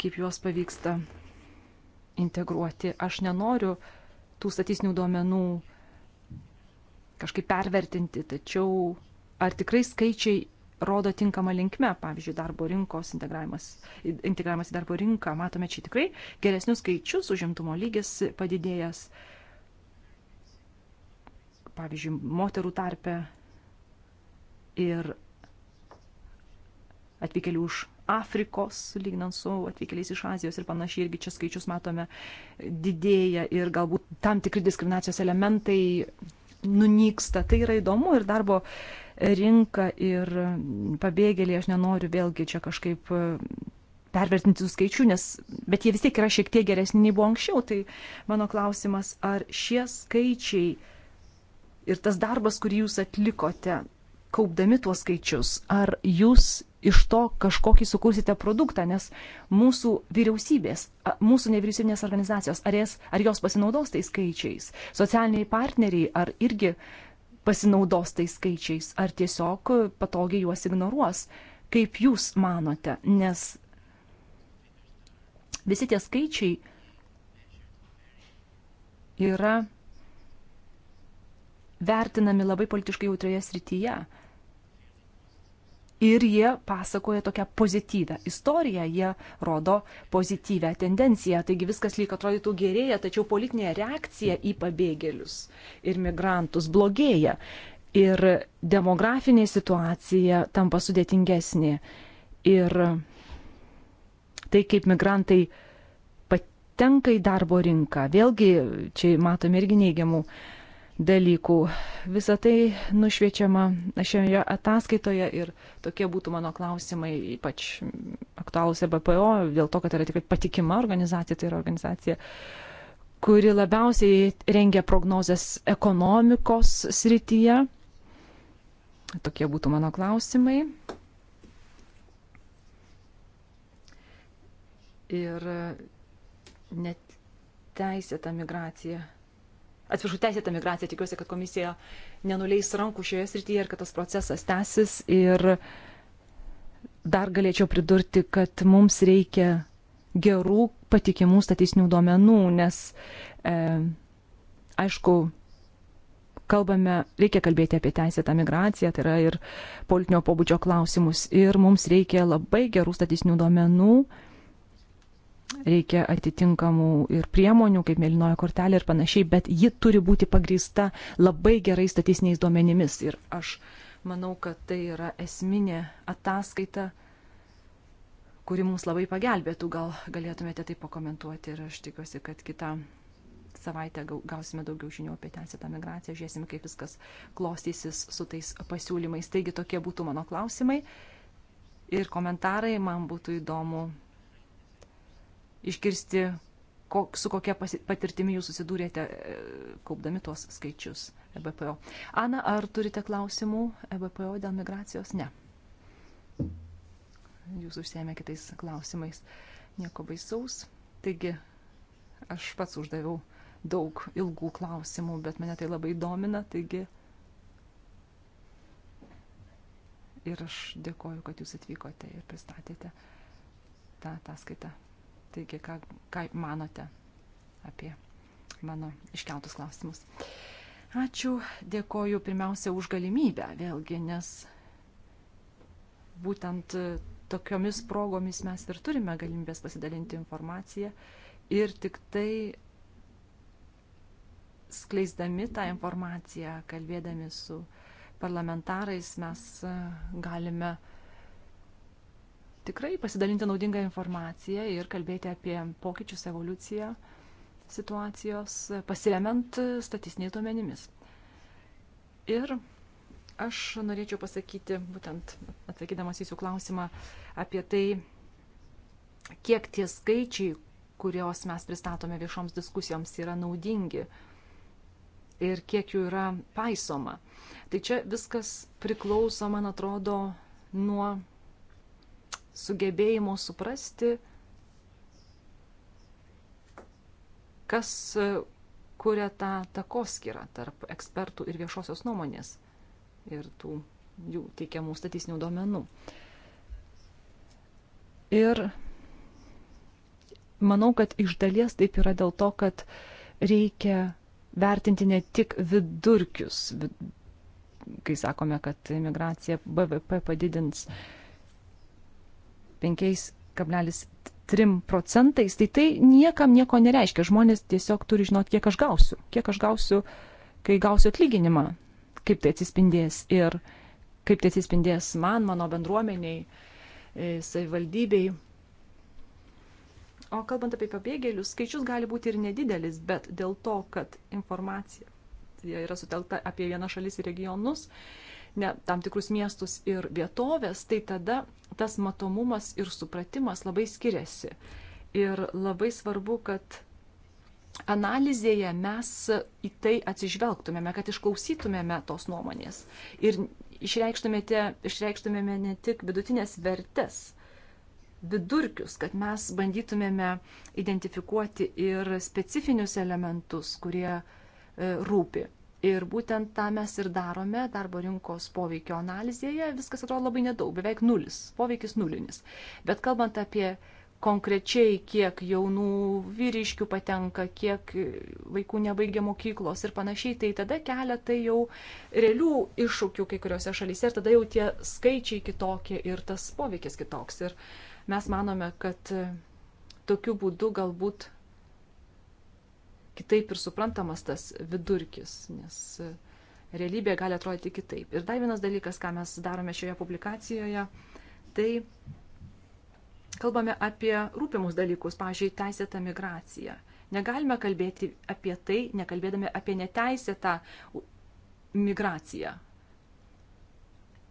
kaip juos pavyksta integruoti. Aš nenoriu tų statistinių duomenų kažkaip pervertinti, tačiau ar tikrai skaičiai rodo tinkamą linkmę, pavyzdžiui, darbo rinkos integravimas, integravimas į darbo rinką, matome čia tikrai geresnius skaičius, užimtumo lygis padidėjęs, pavyzdžiui, moterų tarpe ir atvykelių už Afrikos, lyginant su atvykėliais iš Azijos ir panašiai, irgi čia skaičius matome didėja ir galbūt tam tikri diskriminacijos elementai nunyksta. Tai yra įdomu ir darbo uh, rinką ir pabėgėliai, aš nenoriu vėlgi čia kažkaip e, pervertinti tų skaičių, nes, bet jie vis tiek yra šiek tiek geresni nei buvo anksčiau. Tai mano klausimas, ar šie skaičiai ir tas darbas, kurį jūs atlikote, kaupdami tuos skaičius, ar jūs iš to kažkokį sukursite produktą, nes mūsų vyriausybės, mūsų nevyriausybinės organizacijos, ar, jas, ar jos pasinaudos tais skaičiais, socialiniai partneriai, ar irgi pasinaudos tais skaičiais, ar tiesiog patogiai juos ignoruos. Kaip jūs manote, nes visi tie skaičiai yra vertinami labai politiškai jautrioje srityje ir jie pasakoja tokią pozityvę istoriją, jie rodo pozityvę tendenciją, taigi viskas lyg atrodytų gerėja, tačiau politinė reakcija į pabėgėlius ir migrantus blogėja ir demografinė situacija tampa sudėtingesnė ir tai, kaip migrantai patenka į darbo rinką, vėlgi čia matome irgi neigiamų uh, dalykų. Visą tai nušviečiama šioje ataskaitoje ir tokie būtų mano klausimai, ypač aktualūs e BPO, dėl to, kad yra tikrai patikima organizacija, tai yra organizacija, kuri labiausiai rengia prognozes ekonomikos srityje. Tokie būtų mano klausimai. Ir net teisėta migracija atsiprašau, teisėtą migraciją. Tikiuosi, kad komisija nenuleis rankų šioje srityje ir kad tas procesas tęsis. Ir dar galėčiau pridurti, kad mums reikia gerų patikimų statistinių duomenų, nes, e, aišku, kalbame, reikia kalbėti apie teisėtą migraciją, tai yra ir politinio pobūdžio klausimus. Ir mums reikia labai gerų statistinių duomenų, e, reikia atitinkamų ir priemonių, kaip mėlynojo kortelė ir panašiai, bet ji turi būti pagrįsta labai gerai statistiniais duomenimis. Ir aš manau, kad tai yra esminė ataskaita, kuri mums labai pagelbėtų. Gal galėtumėte tai pakomentuoti ir aš tikiuosi, kad kitą savaitę gausime daugiau žinių apie teisėtą migraciją, žiūrėsime, kaip viskas klostysis su tais pasiūlymais. Taigi tokie būtų mano klausimai ir komentarai, man būtų įdomu išgirsti, kok, su kokia patirtimi jūs susidūrėte, e, kaupdami tuos skaičius EBPO. Ana, ar turite klausimų EBPO dėl migracijos? Ne. Jūs užsėmė kitais klausimais. Nieko baisaus. Taigi, aš pats uždaviau daug ilgų klausimų, bet mane tai labai domina, taigi ir aš dėkoju, kad jūs atvykote ir pristatėte tą ataskaitą. Taigi, ką, ką manote apie mano iškeltus klausimus. Ačiū, dėkoju pirmiausia už galimybę vėlgi, nes būtent tokiomis progomis mes ir turime galimybės pasidalinti informaciją ir tik tai skleisdami tą informaciją, kalbėdami su parlamentarais, mes galime uh, tikrai pasidalinti naudingą informaciją ir kalbėti apie pokyčius, evoliuciją situacijos, pasiremiant statistiniais duomenimis. Ir aš norėčiau pasakyti, būtent atsakydamas į jūsų klausimą, apie tai, kiek tie skaičiai, kuriuos mes pristatome viešoms diskusijoms, yra naudingi ir kiek jų yra paisoma. Tai čia viskas priklauso, man atrodo, nuo sugebėjimo suprasti, kas e, kuria tą takoskirą tarp ekspertų ir viešosios nuomonės ir tų jų teikiamų statistinių duomenų. Ir manau, kad iš dalies taip yra dėl to, kad reikia vertinti ne tik vidurkius, kai sakome, kad migracija BVP padidins 0,5 5,3 procentais, tai tai niekam nieko nereiškia. Žmonės tiesiog turi žinoti, kiek aš gausiu, kiek aš gausiu, kai gausiu atlyginimą, kaip tai atsispindės ir kaip tai atsispindės man, mano bendruomeniai, e, savivaldybei. O kalbant apie pabėgėlius, skaičius gali būti ir nedidelis, bet dėl to, kad informacija yra sutelkta apie vieną šalis ir regionus, ne, tam tikrus miestus ir vietovės, tai tada tas matomumas ir supratimas labai skiriasi. Ir labai svarbu, kad analizėje mes į tai atsižvelgtumėme, kad išklausytumėme tos nuomonės ir išreikštumėme ne tik vidutinės vertes, vidurkius, kad mes bandytumėme identifikuoti ir specifinius elementus, kurie e, rūpi. Ir būtent tą mes ir darome darbo rinkos poveikio analizėje. Viskas atrodo labai nedaug, beveik nulis, poveikis nulinis. Bet kalbant apie konkrečiai, kiek jaunų vyriškių patenka, kiek vaikų nebaigia mokyklos ir panašiai, tai tada kelia tai jau realių iššūkių kai kuriuose šalyse ir tada jau tie skaičiai kitokie ir tas poveikis kitoks. Ir mes manome, kad tokiu būdu galbūt kitaip ir suprantamas tas vidurkis, nes e, realybė gali atrodyti kitaip. Ir dar vienas dalykas, ką mes darome šioje publikacijoje, tai kalbame apie rūpimus dalykus, pavyzdžiui, teisėtą migraciją. Negalime kalbėti apie tai, nekalbėdami apie neteisėtą migraciją,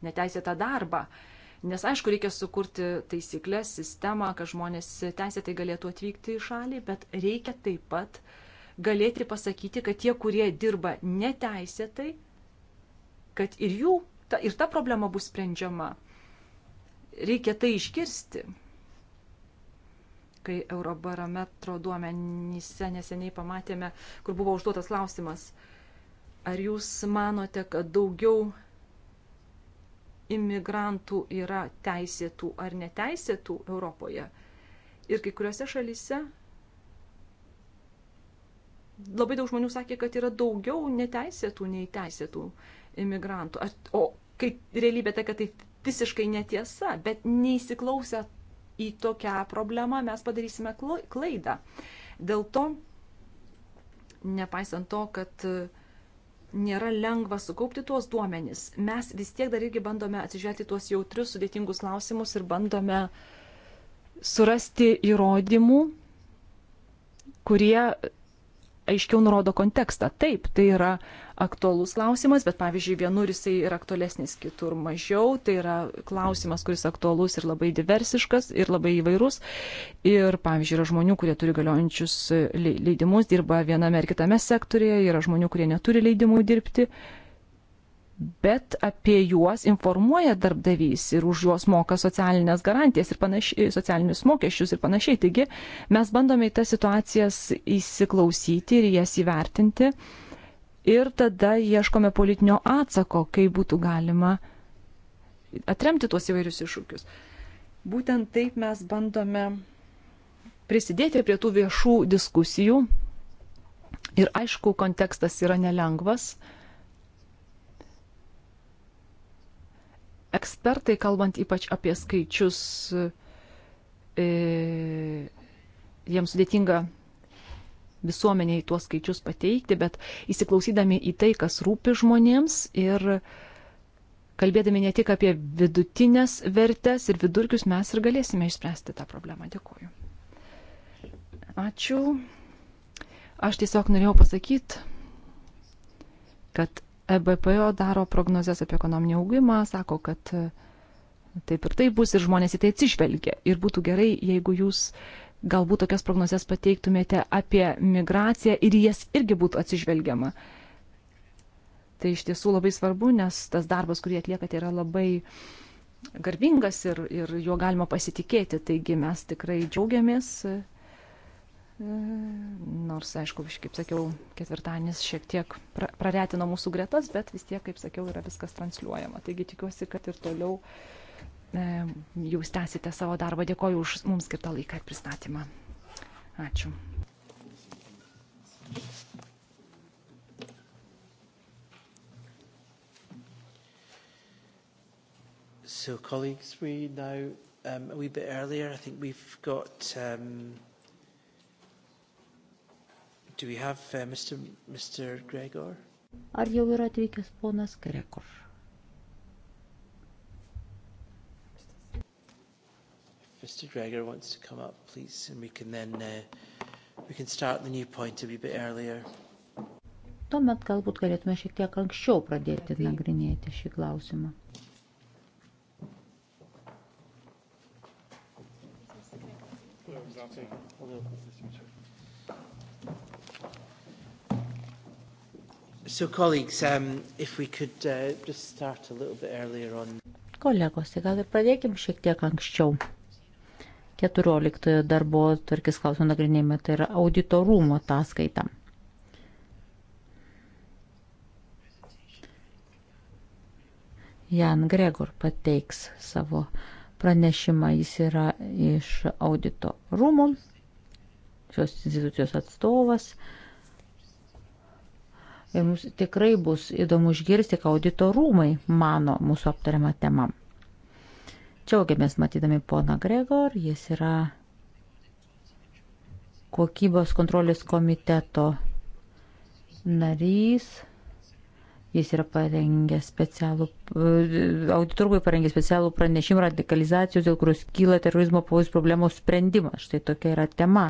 neteisėtą darbą. Nes aišku, reikia sukurti taisyklės, sistemą, kad žmonės teisėtai galėtų atvykti į šalį, bet reikia taip pat uh, galėti pasakyti, kad tie, kurie dirba neteisėtai, kad ir jų, ta, ir ta problema bus sprendžiama. Reikia tai iškirsti. Kai Eurobarometro duomenyse neseniai pamatėme, kur buvo užduotas klausimas, ar jūs manote, kad daugiau imigrantų yra teisėtų ar neteisėtų Europoje? Ir kai kuriuose šalyse labai daug žmonių sakė, kad yra daugiau neteisėtų nei teisėtų imigrantų. Ar, o kai realybė ta, kad tai visiškai netiesa, bet neįsiklausę į tokią problemą mes padarysime klaidą. Dėl to, nepaisant to, kad e, nėra lengva sukaupti tuos duomenis, mes vis tiek dar irgi bandome atsižiūrėti tuos jautrius, sudėtingus klausimus ir bandome surasti įrodymų, kurie aiškiau nurodo kontekstą. Taip, tai yra aktualus klausimas, bet pavyzdžiui, vienur jisai yra aktualesnis, kitur mažiau. Tai yra klausimas, kuris aktualus ir labai diversiškas ir labai įvairus. Ir pavyzdžiui, yra žmonių, kurie turi galiojančius leidimus, dirba viename ar kitame sektorėje, yra žmonių, kurie neturi leidimų dirbti. Uh, bet apie juos informuoja darbdavys ir už juos moka socialinės garantijas ir panašiai, socialinius mokesčius ir panašiai. Taigi mes bandome į tas situacijas įsiklausyti ir jas įvertinti ir tada ieškome politinio atsako, kaip būtų galima atremti tuos įvairius iššūkius. Būtent taip mes bandome prisidėti prie tų viešų diskusijų. Ir aišku, kontekstas yra nelengvas ekspertai, kalbant ypač apie skaičius, e, jiems sudėtinga visuomeniai tuos skaičius pateikti, bet įsiklausydami į tai, kas rūpi žmonėms ir kalbėdami ne tik apie vidutinės vertes ir vidurkius, mes ir galėsime išspręsti tą problemą. Dėkuoju. Ačiū. Aš tiesiog norėjau pasakyti, kad EBPO daro prognozes apie ekonominį augimą, sako, kad e, taip ir taip bus ir žmonės į tai atsižvelgia. Ir būtų gerai, jeigu jūs galbūt tokias prognozes pateiktumėte apie migraciją ir jas irgi būtų atsižvelgiama. Tai iš tiesų labai svarbu, nes tas darbas, kurį atliekate, yra labai garbingas ir, ir juo galima pasitikėti. Taigi mes tikrai džiaugiamės Nors, aišku, kaip sakiau, ketvirtadienis šiek tiek praretino mūsų gretas, bet vis tiek, kaip sakiau, yra viskas transliuojama. Taigi tikiuosi, kad ir toliau e, jūs tęsite savo darbą. Dėkoju už mums skirtą laiką ir pristatymą. Ačiū. So, colleagues, we now um, a wee bit earlier. I think we've got. Um, Do we have uh, Mr. Mr. Gregor? Ar jau yra atvykęs ponas Gregor? If Mr. Gregor wants to come up, please, and we can then uh, we can start the new point a wee bit earlier. Tuomet galbūt galėtume šiek tiek anksčiau pradėti nagrinėti šį klausimą. Hello. So, colleagues, um, if we could uh, just start a little bit earlier on. Kolegos, tai gal ir pradėkim šiek tiek anksčiau. 14 darbo tvarkės klausimų nagrinėjimą, tai yra auditorumo ataskaita. Jan Gregor pateiks savo pranešimą, jis yra iš audito rūmų, šios institucijos atstovas. Uh, Ir mums tikrai bus įdomu išgirsti, ką audito rūmai mano mūsų aptariamą temą. Džiaugiamės matydami poną Gregor, jis yra kokybos kontrolės komiteto narys. Jis yra parengęs specialų, auditorbai parengė specialų pranešimą radikalizacijos, dėl kurios kyla terorizmo pavojus problemos sprendimas. Štai tokia yra tema.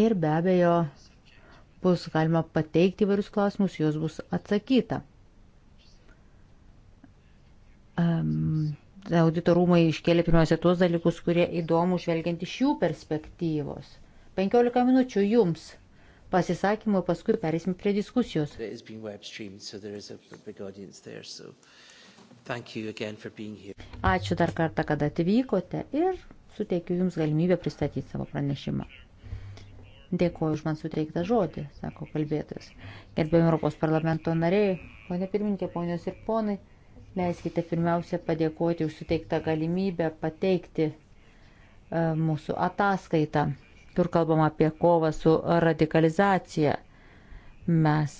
Ir be abejo, bus galima pateikti įvairius klausimus, juos bus atsakyta. Um, auditorumai iškėlė pirmiausia tuos dalykus, kurie įdomu žvelgiant iš jų perspektyvos. 15 minučių jums pasisakymų, paskui perėsim prie diskusijos. Ačiū dar kartą, kad atvykote ir suteikiu Jums galimybę pristatyti savo pranešimą. Dėkuoju už man suteiktą žodį, sako kalbėtojas. Gerbėjom Europos parlamento nariai, ponė pirmininkė, ponios ir ponai, leiskite pirmiausia padėkoti už suteiktą galimybę pateikti e, mūsų ataskaitą. Tur kalbam apie kovą su radikalizacija. Mes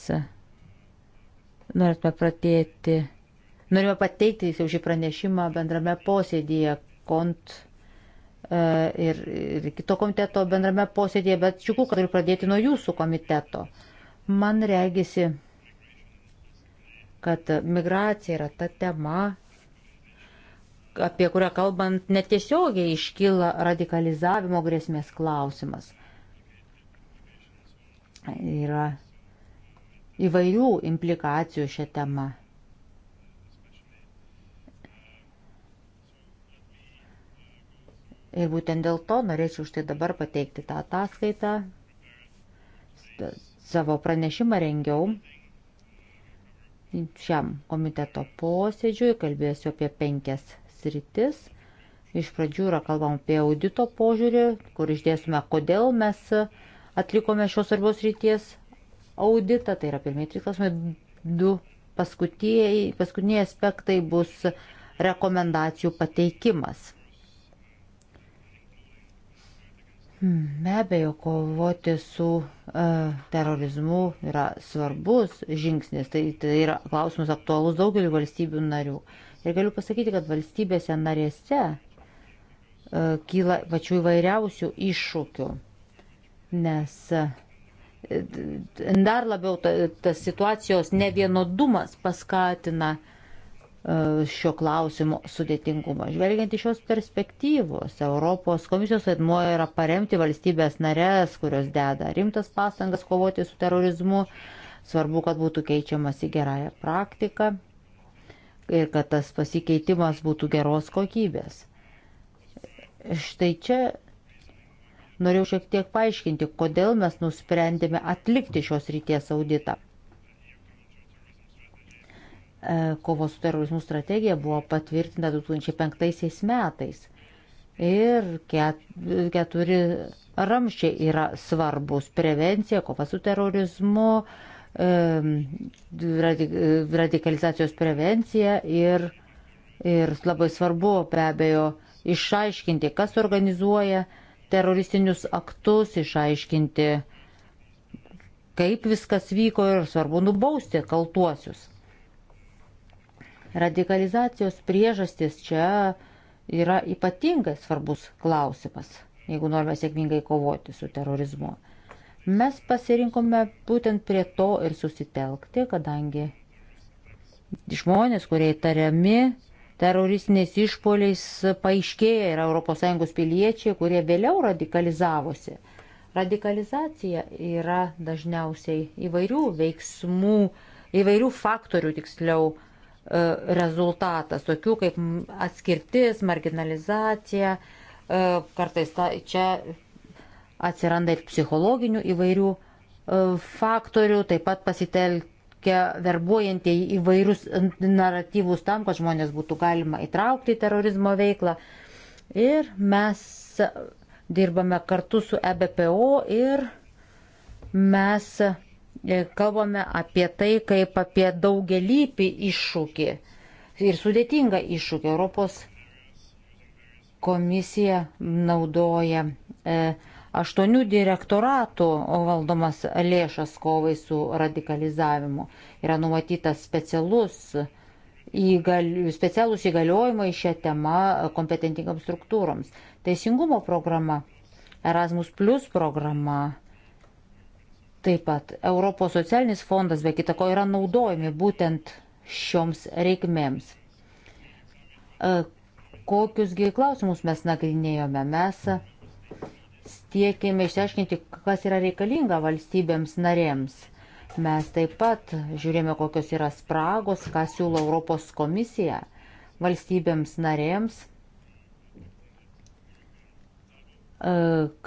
norėtume pradėti, norime pateikti jau šį pranešimą bendrame posėdėje kont E, ir, ir kito komiteto bendrame posėdėje, bet čiuku, kad turiu pradėti nuo jūsų komiteto. Man regisi, kad migracija yra ta tema, apie kurią kalbant netiesiogiai iškyla radikalizavimo grėsmės klausimas. Yra įvairių implikacijų šią temą. Ir būtent dėl to norėčiau štai dabar pateikti tą ataskaitą. Savo pranešimą rengiau šiam komiteto posėdžiui, kalbėsiu apie penkias sritis. Iš pradžių yra kalbam apie audito požiūrį, kur išdėsime, kodėl mes atlikome šios svarbios ryties auditą. Tai yra pirmieji trys klausimai. Du paskutiniai aspektai bus rekomendacijų pateikimas. Hmm, be abejo, kovoti su e, terorizmu yra svarbus žingsnis, tai, tai yra klausimas aktualus daugeliu valstybių narių. Ir galiu pasakyti, kad valstybėse narėse e, kyla pačių įvairiausių iššūkių, nes e, dar labiau ta, tas situacijos nevienodumas paskatina e, E, šio klausimo sudėtingumą. Žvelgiant iš šios perspektyvos, Europos komisijos vaidmuo yra paremti valstybės narės, kurios deda rimtas pastangas kovoti su terorizmu. Svarbu, kad būtų keičiamas į gerąją praktiką ir kad tas pasikeitimas būtų geros kokybės. Štai čia norėjau šiek tiek paaiškinti, kodėl mes nusprendėme atlikti šios ryties auditą kovos su terorizmu strategija buvo patvirtinta 2005 metais. Ir keturi ramščiai yra svarbus - prevencija, kova su terorizmu, radikalizacijos prevencija ir, ir labai svarbu be abejo išaiškinti, kas organizuoja teroristinius aktus, išaiškinti, kaip viskas vyko ir svarbu nubausti kaltuosius. Radikalizacijos priežastis čia yra ypatingai svarbus klausimas, jeigu norime sėkmingai kovoti su terorizmu. Mes pasirinkome būtent prie to ir susitelkti, kadangi žmonės, kurie įtariami teroristiniais išpoliais, paaiškėja yra ES piliečiai, kurie vėliau radikalizavosi. Radikalizacija yra dažniausiai įvairių veiksmų, įvairių faktorių tiksliau E, rezultatas, tokių kaip atskirtis, marginalizacija, e, kartais ta, čia atsiranda ir psichologinių įvairių e, faktorių, taip pat pasitelkia verbuojantieji įvairius naratyvus tam, kad žmonės būtų galima įtraukti į terorizmo veiklą. Ir mes dirbame kartu su EBPO ir mes E, kalbame apie tai kaip apie daugelįpį iššūkį ir sudėtingą iššūkį. Europos komisija naudoja e, aštuonių direktoratų valdomas lėšas kovai su radikalizavimu. Yra numatytas specialus įgaliu, specialus įgaliojimai šią temą kompetentingams struktūroms. Teisingumo programa, Erasmus Plus programa Taip pat Europos socialinis fondas be kitako yra naudojami būtent šioms reikmėms. E, kokiusgi klausimus mes nagrinėjome? Mes tiekėme išsiaiškinti, kas yra reikalinga valstybėms narėms. Mes taip pat žiūrėjome, kokios yra spragos, ką siūlo Europos komisija valstybėms narėms e,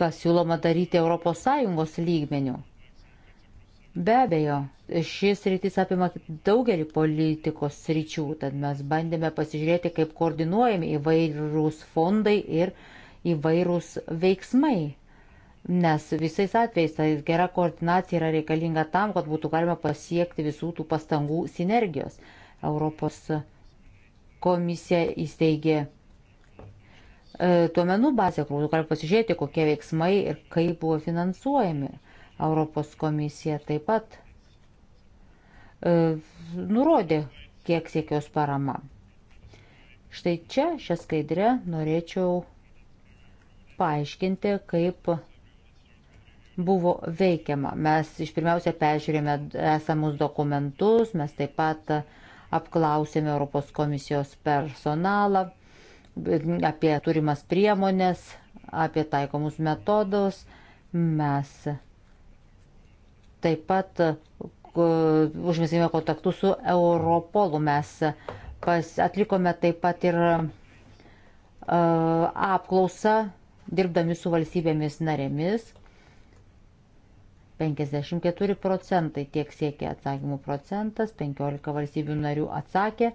kas siūloma daryti ES lygmenių. Be abejo, šis rytis apima daugelį politikos sričių, tad mes bandėme pasižiūrėti, kaip koordinuojami įvairūs fondai ir įvairūs veiksmai. Nes visais atvejais ta gera koordinacija yra reikalinga tam, kad būtų galima pasiekti visų tų pastangų sinergijos. Europos komisija įsteigė e, duomenų bazę, kur būtų galima pasižiūrėti, kokie veiksmai ir kaip buvo finansuojami Europos komisija taip pat e, nurodė, kiek siekios parama. Štai čia šią skaidrę norėčiau paaiškinti, kaip buvo veikiama. Mes iš pirmiausia peržiūrėjome esamus dokumentus, mes taip pat apklausėme Europos komisijos personalą apie turimas priemonės, apie taikomus metodus. Mes Taip pat e, užmėsime kontaktus su Europolu. Mes pas, atlikome taip pat ir uh, apklausą, dirbdami su valstybėmis narėmis. 54 procentai tiek siekia atsakymų procentas, 15 valstybių narių atsakė.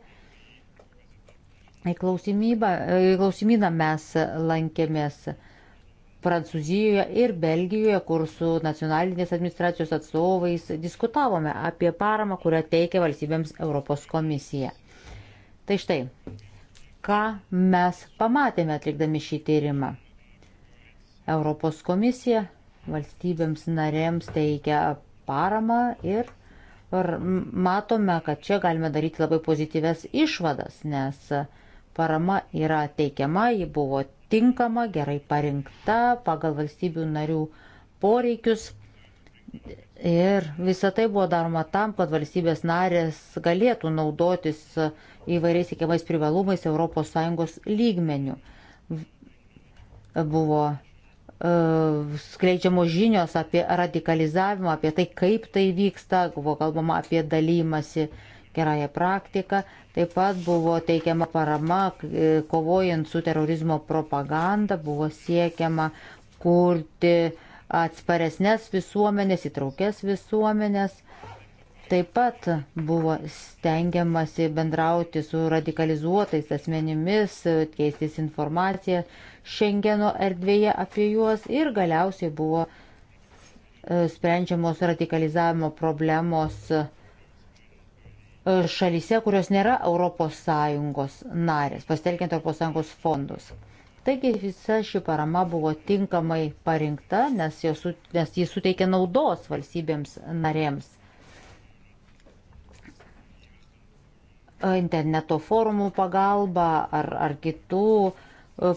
Į klausimyną mes lankėmės uh, Prancūzijoje ir Belgijoje, kur su nacionalinės administracijos atstovais diskutavome apie paramą, kurią teikia valstybėms Europos komisija. Tai štai, ką mes pamatėme atlikdami šį tyrimą. Europos komisija valstybėms narėms teikia paramą ir matome, kad čia galime daryti labai pozityves išvadas, nes parama yra teikiama, ji buvo tinkama, gerai parinkta pagal valstybių narių poreikius. Ir visa tai buvo daroma tam, kad valstybės narės galėtų naudotis įvairiais įkiamais privalumais ES lygmenių. Buvo uh, skleidžiamos žinios apie radikalizavimą, apie tai, kaip tai vyksta, buvo kalbama apie dalymasi uh, gerąją praktiką, taip pat buvo teikiama parama e, kovojant su terorizmo propaganda, buvo siekiama kurti atsparesnės visuomenės, įtraukės visuomenės. Taip pat buvo stengiamasi bendrauti su radikalizuotais asmenimis, keistis informaciją Šengeno erdvėje apie juos ir galiausiai buvo e, sprendžiamos radikalizavimo problemos šalyse, kurios nėra ES narės, pasitelkiant ES fondus. Taigi visa ši parama buvo tinkamai parinkta, nes, jos, nes jis suteikė naudos valstybėms narėms. Interneto forumų pagalba ar, ar kitų e,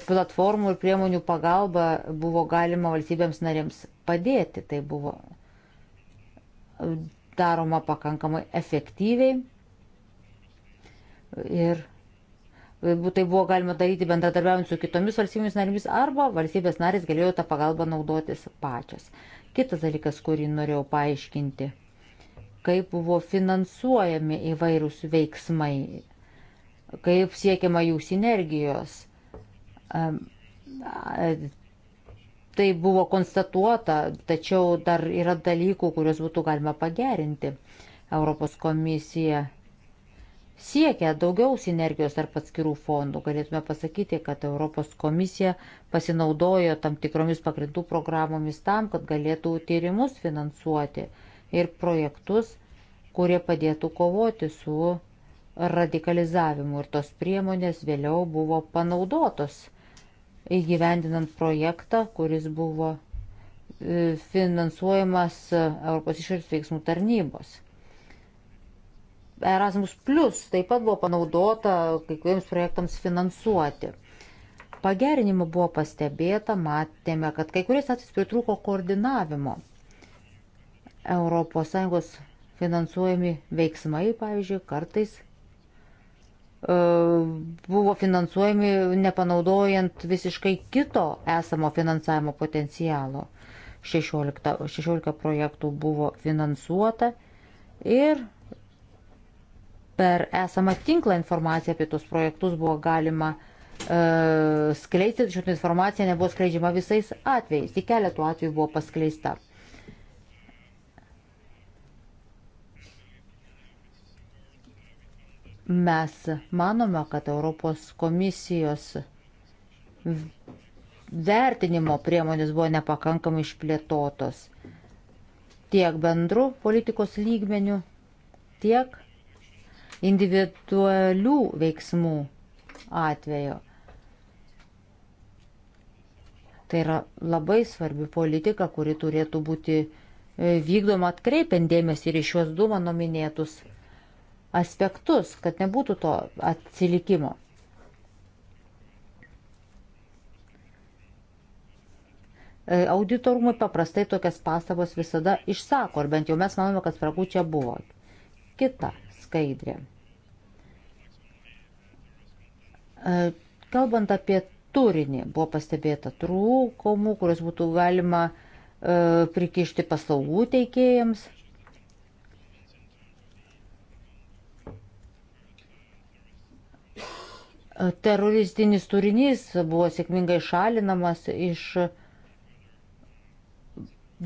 platformų ir priemonių pagalba buvo galima valstybėms narėms padėti. Tai buvo daroma pakankamai efektyviai Ir tai buvo galima daryti bendradarbiaujant su kitomis valstybėmis narėmis arba valstybės narės galėjo tą pagalbą naudotis pačios. Kitas dalykas, kurį norėjau paaiškinti, kaip buvo finansuojami įvairūs veiksmai, kaip siekiama jų sinergijos. Tai buvo konstatuota, tačiau dar yra dalykų, kuriuos būtų galima pagerinti. Europos komisija siekia daugiau sinergijos tarp atskirų fondų. Galėtume pasakyti, kad Europos komisija pasinaudojo tam tikromis pagrindų programomis tam, kad galėtų tyrimus finansuoti ir projektus, kurie padėtų kovoti su radikalizavimu. Ir tos priemonės vėliau buvo panaudotos įgyvendinant projektą, kuris buvo e, finansuojamas Europos išorės veiksmų tarnybos. Erasmus Plus taip pat buvo panaudota kai kuriems projektams finansuoti. Pagerinimų buvo pastebėta, matėme, kad kai kuriais atvejais pritrūko koordinavimo. ES finansuojami veiksmai, pavyzdžiui, kartais e, buvo finansuojami nepanaudojant visiškai kito esamo finansavimo potencialo. 16, 16 projektų buvo finansuota ir Per esamą tinklą informaciją apie tos projektus buvo galima e, skleisti, tačiau ta informacija nebuvo skleidžiama visais atvejais. Tik keletų atvejų buvo paskleista. Mes manome, kad Europos komisijos vertinimo priemonės buvo nepakankamai išplėtotos tiek bendru politikos lygmeniu, tiek individualių veiksmų atveju. Tai yra labai svarbi politika, kuri turėtų būti e, vykdoma atkreipiant dėmesį ir iš juos du mano minėtus aspektus, kad nebūtų to atsilikimo. E, auditorumai paprastai tokias pastabas visada išsako, ar bent jau mes manome, kad spragų čia buvo. Kita skaidrė. E, kalbant apie turinį, buvo pastebėta trūkumų, kurios būtų galima e, prikišti paslaugų teikėjams. E, teroristinis turinys buvo sėkmingai šalinamas iš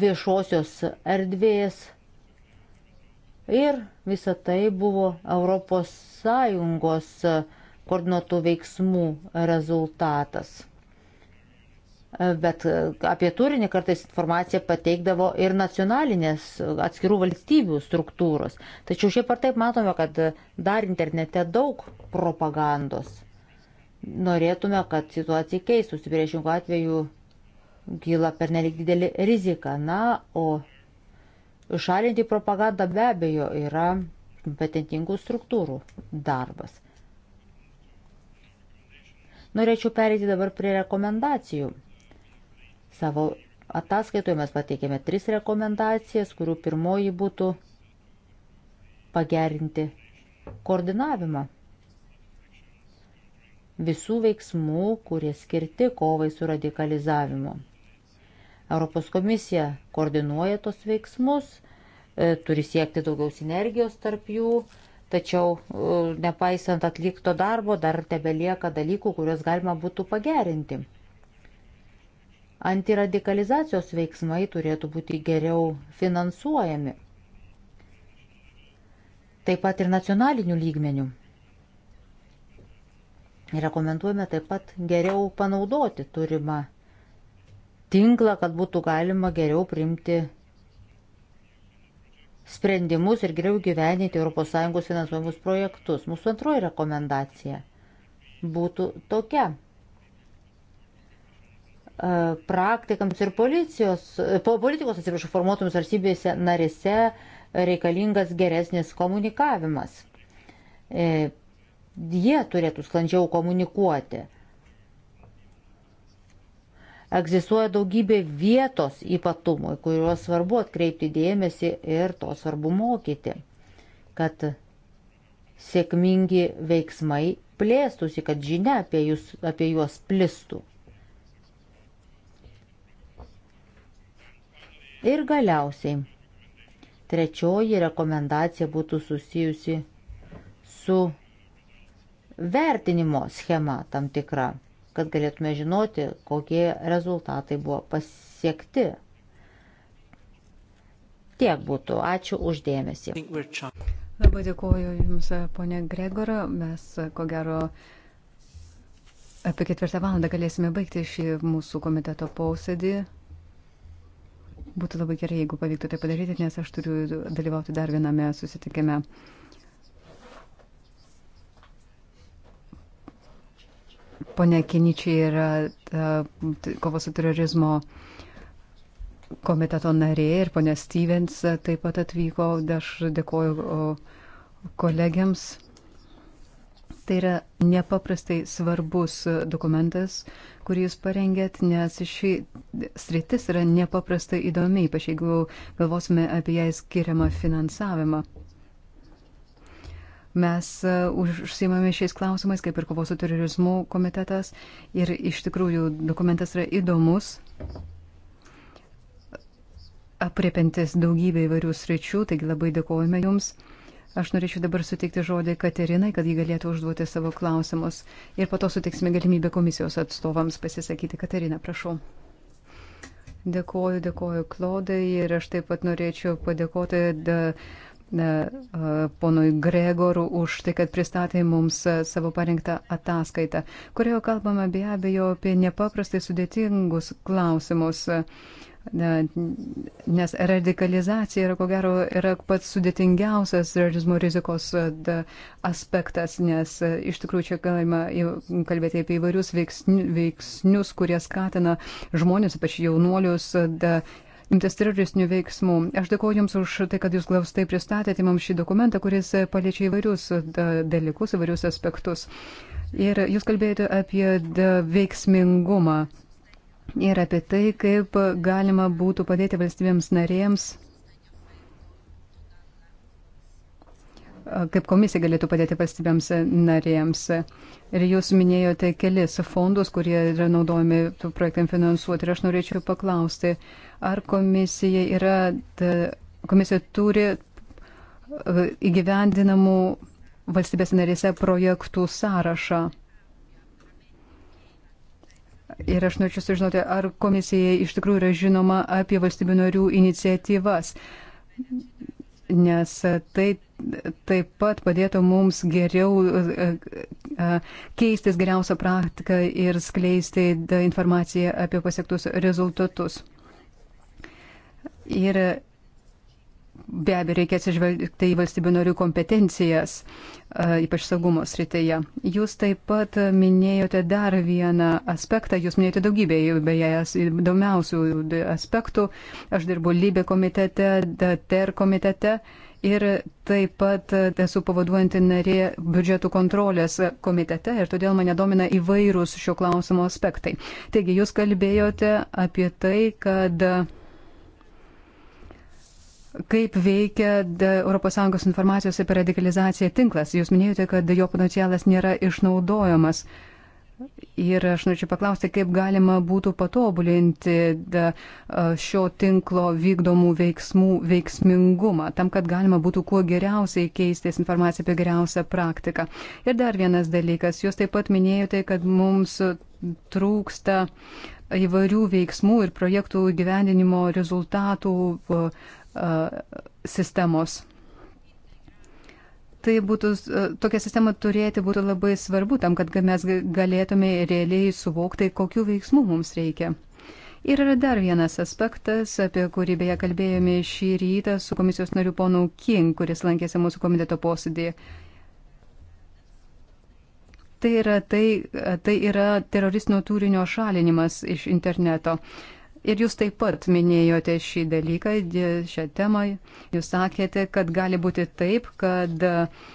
viešosios erdvės Ir visa tai buvo ES e, koordinuotų veiksmų rezultatas. E, bet e, apie turinį kartais informaciją pateikdavo ir nacionalinės atskirų valstybių struktūros. Tačiau šiaip ar taip matome, kad dar internete daug propagandos. Norėtume, kad situacija keistųsi, priešingų atveju kyla pernelik didelį riziką. Na, o Šalinti propagandą be abejo yra kompetentingų struktūrų darbas. Norėčiau pereiti dabar prie rekomendacijų. Savo ataskaitoje mes pateikėme tris rekomendacijas, kurių pirmoji būtų pagerinti koordinavimą visų veiksmų, kurie skirti kovai su radikalizavimu. Europos komisija koordinuoja tos veiksmus, e, turi siekti daugiau sinergijos tarp jų, tačiau e, nepaisant atlikto darbo dar tebelieka dalykų, kuriuos galima būtų pagerinti. Antiradikalizacijos veiksmai turėtų būti geriau finansuojami. Taip pat ir nacionalinių lygmenių. Rekomenduojame taip pat geriau panaudoti turimą tinklą, kad būtų galima geriau priimti sprendimus ir geriau gyveninti ES finansuojamus projektus. Mūsų antroji rekomendacija būtų tokia. E, praktikams ir policijos, e, po politikos atsiprašau, formuotoms valstybėse narėse reikalingas geresnis komunikavimas. E, jie turėtų sklandžiau komunikuoti Egzistuoja daugybė vietos ypatumų, kuriuos svarbu atkreipti dėmesį ir to svarbu mokyti, kad sėkmingi veiksmai plėstusi, kad žinia apie, jūs, apie juos plistų. Ir galiausiai, trečioji rekomendacija būtų susijusi su vertinimo schema tam tikra kad galėtume žinoti, kokie rezultatai buvo pasiekti. Tiek būtų. Ačiū uždėmesi. Labai dėkuoju Jums, ponė Gregora. Mes, ko gero, apie ketvirtą valandą galėsime baigti šį mūsų komiteto posėdį. Būtų labai gerai, jeigu pavyktų tai padaryti, nes aš turiu dalyvauti dar viename susitikime. Pone Kiničiai yra e, kovos su terorizmo komiteto narė ir ponė Stevens taip pat atvyko. Aš dėkoju kolegiams. Tai yra nepaprastai svarbus dokumentas, kurį jūs parengėt, nes ši sritis yra nepaprastai įdomi, ypač jeigu galvosime apie ją skiriamą finansavimą. Mes e, užsimame šiais klausimais, kaip ir kovos su terorizmu komitetas. Ir iš tikrųjų dokumentas yra įdomus, apriepintis daugybę įvairių sričių, taigi labai dėkojame Jums. Aš norėčiau dabar suteikti žodį Katerinai, kad ji galėtų užduoti savo klausimus ir po to suteiksime galimybę komisijos atstovams pasisakyti. Katerina, prašau. Dėkoju, dėkoju Klodai ir aš taip pat norėčiau padėkoti Eh, ponui Gregoru už tai, kad pristatė mums eh, savo parinktą ataskaitą, kurioje kalbama be abejo apie nepaprastai sudėtingus klausimus, eh, nes radikalizacija yra ko gero yra pats sudėtingiausias terorizmo rizikos aspektas, nes iš tikrųjų čia galima kalbėti apie įvairius veiksnius, kurie skatina žmonės, ypač jaunuolius, da, imtis teroristinių veiksmų. Aš dėkuoju Jums už tai, kad Jūs glaustai pristatėte mums šį dokumentą, kuris paliečia įvairius dalykus, įvairius aspektus. Ir Jūs kalbėjote apie veiksmingumą ir apie tai, kaip galima būtų padėti valstybėms narėms kaip komisija galėtų padėti valstybėms narėms. Ir jūs minėjote kelis fondus, kurie yra naudojami projektam finansuoti. Ir aš norėčiau paklausti, ar komisija, yra, ta, komisija turi uh, įgyvendinamų valstybės narėse projektų sąrašą. Ir aš norėčiau sužinoti, ar komisija iš tikrųjų yra žinoma apie valstybių narių iniciatyvas nes tai taip pat padėtų mums geriau e, e, keistis geriausią praktiką ir skleisti informaciją apie pasiektus rezultatus. Ir Be abejo, reikia atsižvelgti į valstybių narių kompetencijas, e, ypač saugumo srityje. Jūs taip pat minėjote dar vieną aspektą, jūs minėjote daugybę, beje, įdomiausių aspektų. Aš dirbu Lybė komitete, DTR komitete ir taip pat esu pavaduojanti narė biudžetų kontrolės komitete ir todėl mane domina įvairūs šio klausimo aspektai. Taigi, jūs kalbėjote apie tai, kad kaip veikia ES informacijos apie radikalizaciją tinklas. Jūs minėjote, kad jo potencialas nėra išnaudojamas. Ir aš norėčiau paklausti, kaip galima būtų patobulinti šio tinklo vykdomų veiksmų veiksmingumą, tam, kad galima būtų kuo geriausiai keistis informaciją apie geriausią praktiką. Ir dar vienas dalykas, jūs taip pat minėjote, kad mums trūksta įvairių veiksmų ir projektų gyvendinimo rezultatų uh, E, sistemos. Tai būtų, e, tokia sistema turėti būtų labai svarbu tam, kad mes galėtume realiai suvokti, kokiu veiksmu mums reikia. Ir yra dar vienas aspektas, apie kurį beje kalbėjome šį rytą su komisijos nariu ponu King, kuris lankėsi mūsų komiteto posėdėje. Tai yra, tai, e, tai yra teroristinio turinio šalinimas iš interneto. Ir jūs taip pat minėjote šį dalyką, šią temą. Jūs sakėte, kad gali būti taip, kad uh,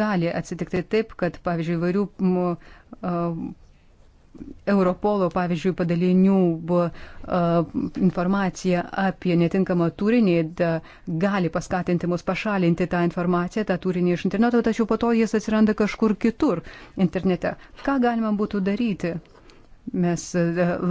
gali atsitikti taip, kad, pavyzdžiui, vairių uh, Europolo, pavyzdžiui, padalinių buvo, uh, informacija apie netinkamą turinį da, gali paskatinti mus pašalinti tą informaciją, tą turinį iš interneto, tačiau po to jis atsiranda kažkur kitur internete. Ką galima būtų daryti? Mes e,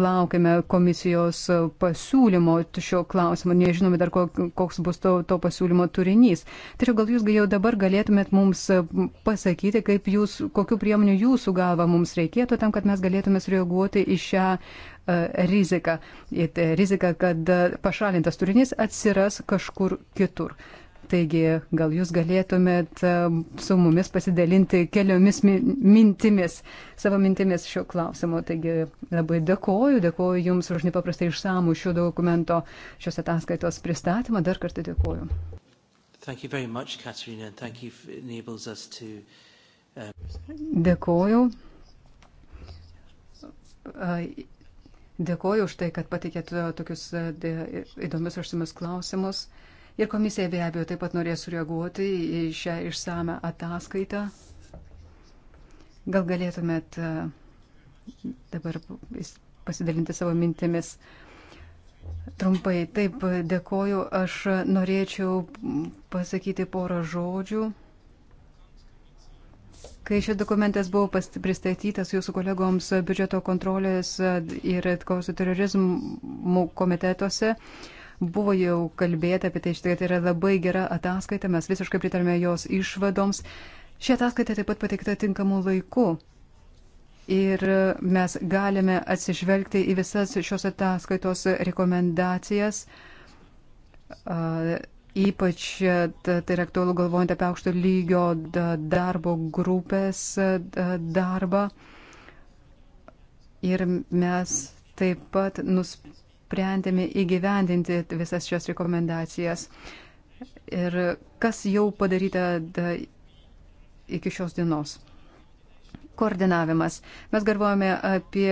laukiame komisijos e, pasiūlymo šio klausimo, nežinome dar, koks bus to, to pasiūlymo turinys. Tačiau gal jūs jau dabar galėtumėt mums e, pasakyti, kaip jūs, kokiu priemoniu jūsų galva mums reikėtų tam, kad mes galėtume sureaguoti į šią uh, riziką. Į riziką, kad pašalintas turinys atsiras kažkur kitur. Uh, Taigi, gal jūs galėtumėt e, su mumis pasidalinti keliomis mintimis, savo mintimis šio klausimo. Taigi, labai dėkoju, dėkoju Jums už nepaprastai išsamų šio dokumento, šios ataskaitos pristatymą. Dar kartą dėkoju. Much, Katerina, to, um... Dėkoju. Dėkoju už tai, kad patikėt e, tokius e, įdomius užsimus klausimus. Ir komisija be abejo taip pat norės sureaguoti į šią išsame ataskaitą. Gal galėtumėt e, dabar pasidalinti savo mintimis. Trumpai, taip, dėkoju. Aš norėčiau pasakyti porą žodžių. Kai šis dokumentas buvo pristatytas jūsų kolegoms biudžeto kontrolės ir kovos su terorizmu komitetuose, uh, Buvo jau kalbėta apie tai, štai tai yra labai gera ataskaita, mes visiškai pritarėme jos išvadoms. Ši ataskaita taip pat pateikta tinkamu laiku. Ir mes galime atsižvelgti į visas šios ataskaitos rekomendacijas, ypač tai yra aktualu galvojant apie aukšto lygio darbo grupės darbą. Ir mes taip pat nusprendėme prendėme įgyvendinti visas šias rekomendacijas ir kas jau padaryta iki šios dienos. Koordinavimas. Mes galvojame apie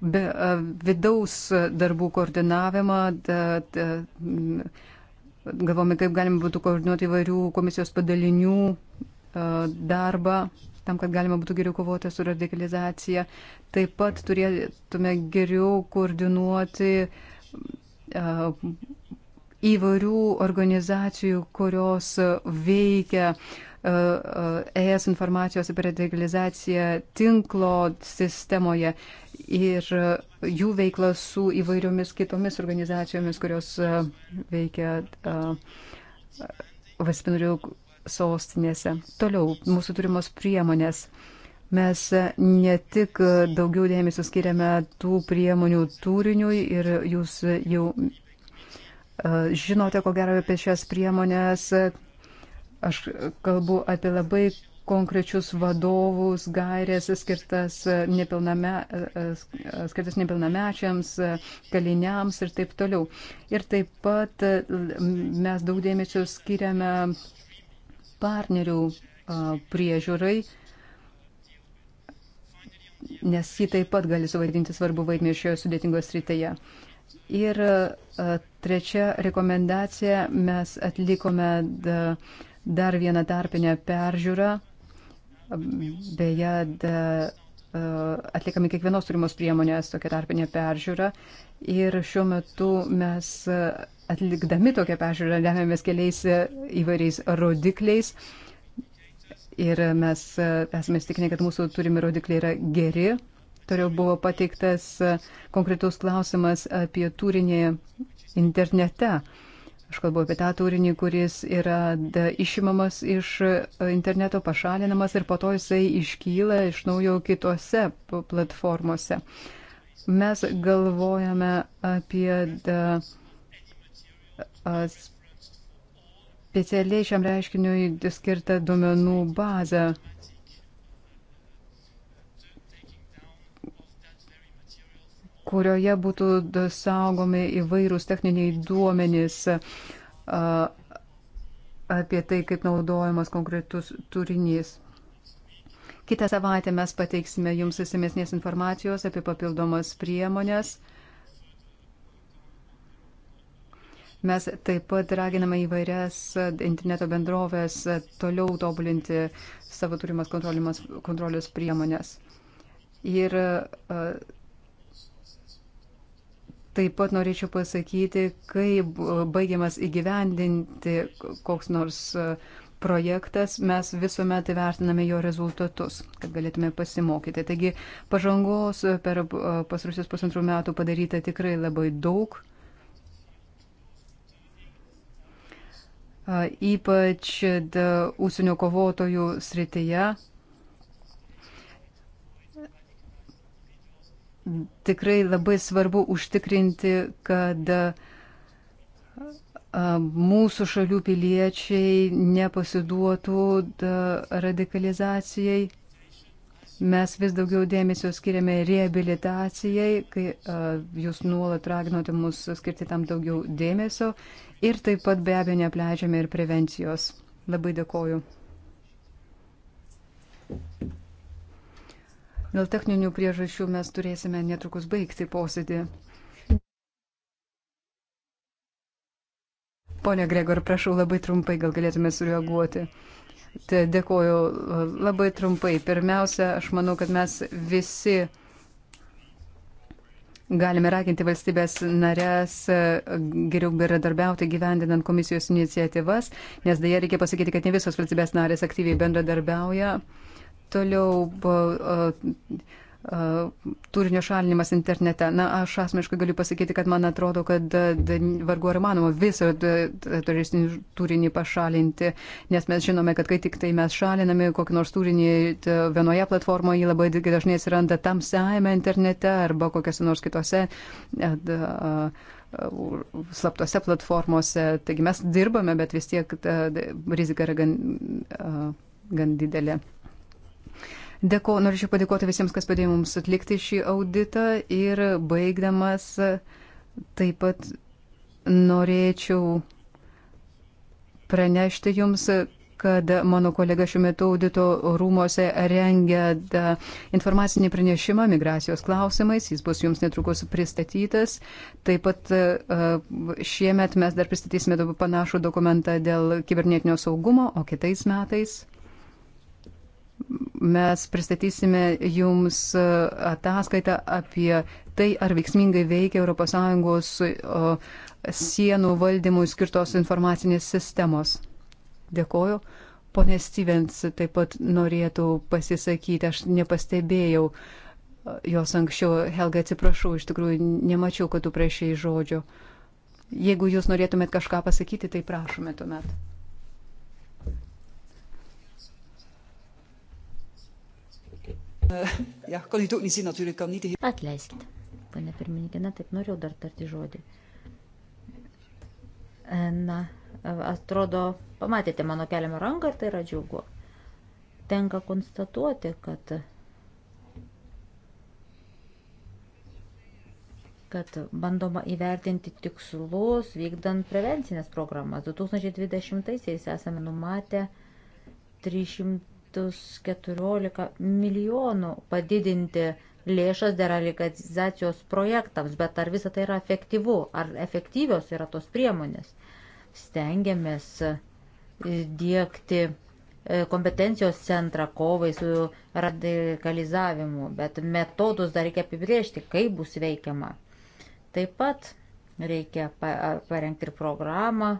be, vidaus darbų koordinavimą, galvojame, kaip galima būtų koordinuoti įvairių komisijos padalinių darbą tam, kad galima būtų geriau kovoti su radikalizacija. Taip pat turėtume geriau koordinuoti įvairių organizacijų, kurios veikia ES informacijos apie radikalizaciją tinklo sistemoje ir jų veikla su įvairiomis kitomis organizacijomis, kurios veikia valstybinarių sostinėse. Toliau mūsų turimos priemonės. Mes e, ne tik daugiau dėmesio skiriame tų priemonių turiniui ir jūs jau e, žinote, ko gero, apie šias priemonės. Aš kalbu apie labai konkrečius vadovus, gairės skirtas, nepilname, e, skirtas nepilnamečiams, kaliniams ir taip toliau. Ir taip pat mes daug dėmesio skiriame partnerių priežiūrai, nes ji taip pat gali suvaidinti svarbu vaidmenį šioje sudėtingoje srityje. Ir trečia rekomendacija, mes atlikome dar vieną tarpinę peržiūrą, beje, atliekame kiekvienos turimos priemonės tokią tarpinę peržiūrą Ir šiuo metu mes e, atlikdami tokią peržiūrą remiamės keliais e, įvairiais rodikliais. Ir mes e, esame įstikinę, kad mūsų turimi rodikliai yra geri. Toliau buvo pateiktas konkretus klausimas apie turinį internete. Aš kalbu apie tą turinį, kuris yra išimamas iš interneto, pašalinamas ir po to jisai iškyla iš naujo kitose platformose. Uh, mes galvojame apie da, specialiai šiam reiškiniui skirtą duomenų bazę. kurioje būtų saugomi įvairūs techniniai duomenys apie tai, kaip naudojamas konkretus turinys. Kitą savaitę mes pateiksime jums susimesnės informacijos apie papildomas priemonės. Mes taip pat raginame įvairias interneto bendrovės toliau tobulinti savo turimas kontrolės priemonės. Ir taip pat norėčiau pasakyti, kai baigiamas įgyvendinti koks nors uh, projektas, mes visuomet įvertiname jo rezultatus, kad galėtume pasimokyti. Taigi pažangos per uh, pasrusius pusantrų metų padaryta tikrai labai daug. Uh, ypač ūsinių kovotojų srityje. Tikrai labai svarbu užtikrinti, kad uh, mūsų šalių piliečiai nepasiduotų radikalizacijai. Mes vis daugiau dėmesio skiriame rehabilitacijai, kai a, jūs nuolat raginote mus skirti tam daugiau dėmesio ir taip pat be abejo neapleidžiame ir prevencijos. Labai dėkoju. Dėl techninių priežasčių mes turėsime netrukus baigti posėdį. Pone Gregor, prašau labai trumpai, gal galėtume sureaguoti. Tai dėkoju e, labai trumpai. Pirmiausia, aš manau, kad mes visi galime raginti valstybės narės e, geriau bendradarbiauti gyvendinant komisijos iniciatyvas, nes dėja reikia pasakyti, kad ne visos valstybės narės aktyviai bendradarbiauja. Toliau. Uh, turinio šalinimas internete. Na, aš asmeniškai galiu pasakyti, kad man atrodo, kad vargu ar manoma visą turistinį turinį pašalinti, nes mes žinome, kad kai tik tai mes šaliname kokį nors turinį vienoje platformoje, jį labai dažnai atsiranda tamsiajame internete arba kokiose nors kitose e, e, slaptose platformose. Taigi mes dirbame, bet vis tiek rizika yra gan, e, gan didelė. Dėko, norėčiau padėkoti visiems, kas padėjo mums atlikti šį auditą ir baigdamas taip pat norėčiau pranešti jums, kad mano kolega šiuo metu audito rūmose rengia informacinį pranešimą migracijos klausimais, jis bus jums netrukus pristatytas. Taip pat šiemet mes dar pristatysime panašų dokumentą dėl kibernetinio saugumo, o kitais metais mes pristatysime jums e, ataskaitą apie tai, ar veiksmingai veikia ES e, sienų valdymui skirtos informacinės sistemos. Dėkoju. Pone Stevens taip pat norėtų pasisakyti, aš nepastebėjau e, jos anksčiau. Helga, atsiprašau, iš tikrųjų nemačiau, kad tu prašai žodžio. Jeigu jūs norėtumėt kažką pasakyti, tai prašome tuomet. Eh, Jā, kan jūs to nezināt, tur ir kā nīti. Atleiskit, pane pirmininkė, na taip, norėjau dar tarti žodį. Na, atrodo, pamatėte mano keliamą ranką ir tai yra džiugu. Tenka konstatuoti, kad kad bandoma įvertinti tikslus, vykdant prevencinės programas. 2020-aisiais esame numatę 300 14 milijonų padidinti lėšas deradikalizacijos projektams, bet ar visa tai yra efektyvu, ar efektyvios yra tos priemonės. Stengiamės e, dėkti e, kompetencijos centrą kovai su radikalizavimu, bet metodus dar reikia apibriežti, kaip bus veikiama. Taip pat reikia parengti ir programą,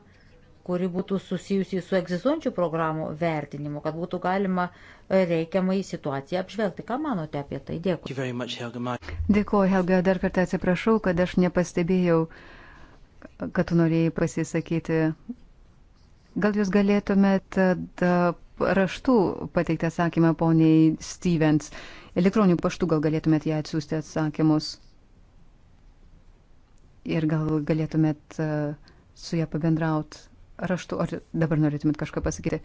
kuri būtų susijusi su egzistuojančių programų vertinimu, kad būtų galima e, reikiamai situaciją apžvelgti. Ką manote apie tai? Dėkui. Dėkuoju, Helga, dar kartą atsiprašau, kad aš nepastebėjau, kad tu norėjai pasisakyti. Gal jūs galėtumėt e, raštų pateikti atsakymą poniai Stevens. Elektroniniu paštu gal galėtumėt ją atsiųsti atsakymus. Ir gal galėtumėt e, su ją pabendrauti raštu. Ar dabar norėtumėt kažką pasakyti?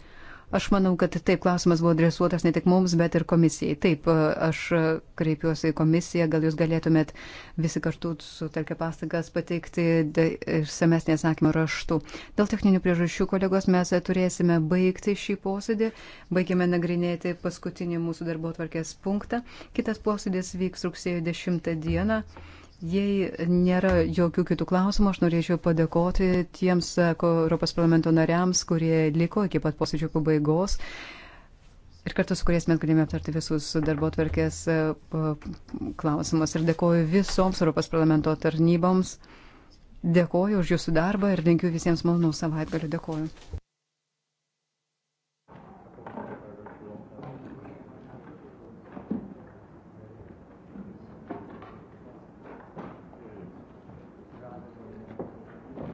Aš manau, kad taip klausimas buvo adresuotas ne tik mums, bet ir komisijai. Taip, aš kreipiuosi į komisiją, gal jūs galėtumėt visi kartu sutelkę pastangas pateikti išsamesnį atsakymą raštu. Dėl techninių priežasčių, kolegos, mes turėsime baigti šį posėdį. Baigėme nagrinėti paskutinį mūsų darbo tvarkės punktą. Kitas posėdis vyks rugsėjo 10 dieną. Jei nėra jokių kitų klausimų, aš norėčiau padėkoti tiems e, Europos parlamento nariams, kurie liko iki pat posėdžio pabaigos ir kartu su kuriais mes galėjome aptarti visus darbo tvarkės e, klausimus. Ir dėkoju visoms Europos parlamento tarnyboms. Dėkoju už jūsų darbą ir linkiu visiems malonų savaitgalių. Dėkoju.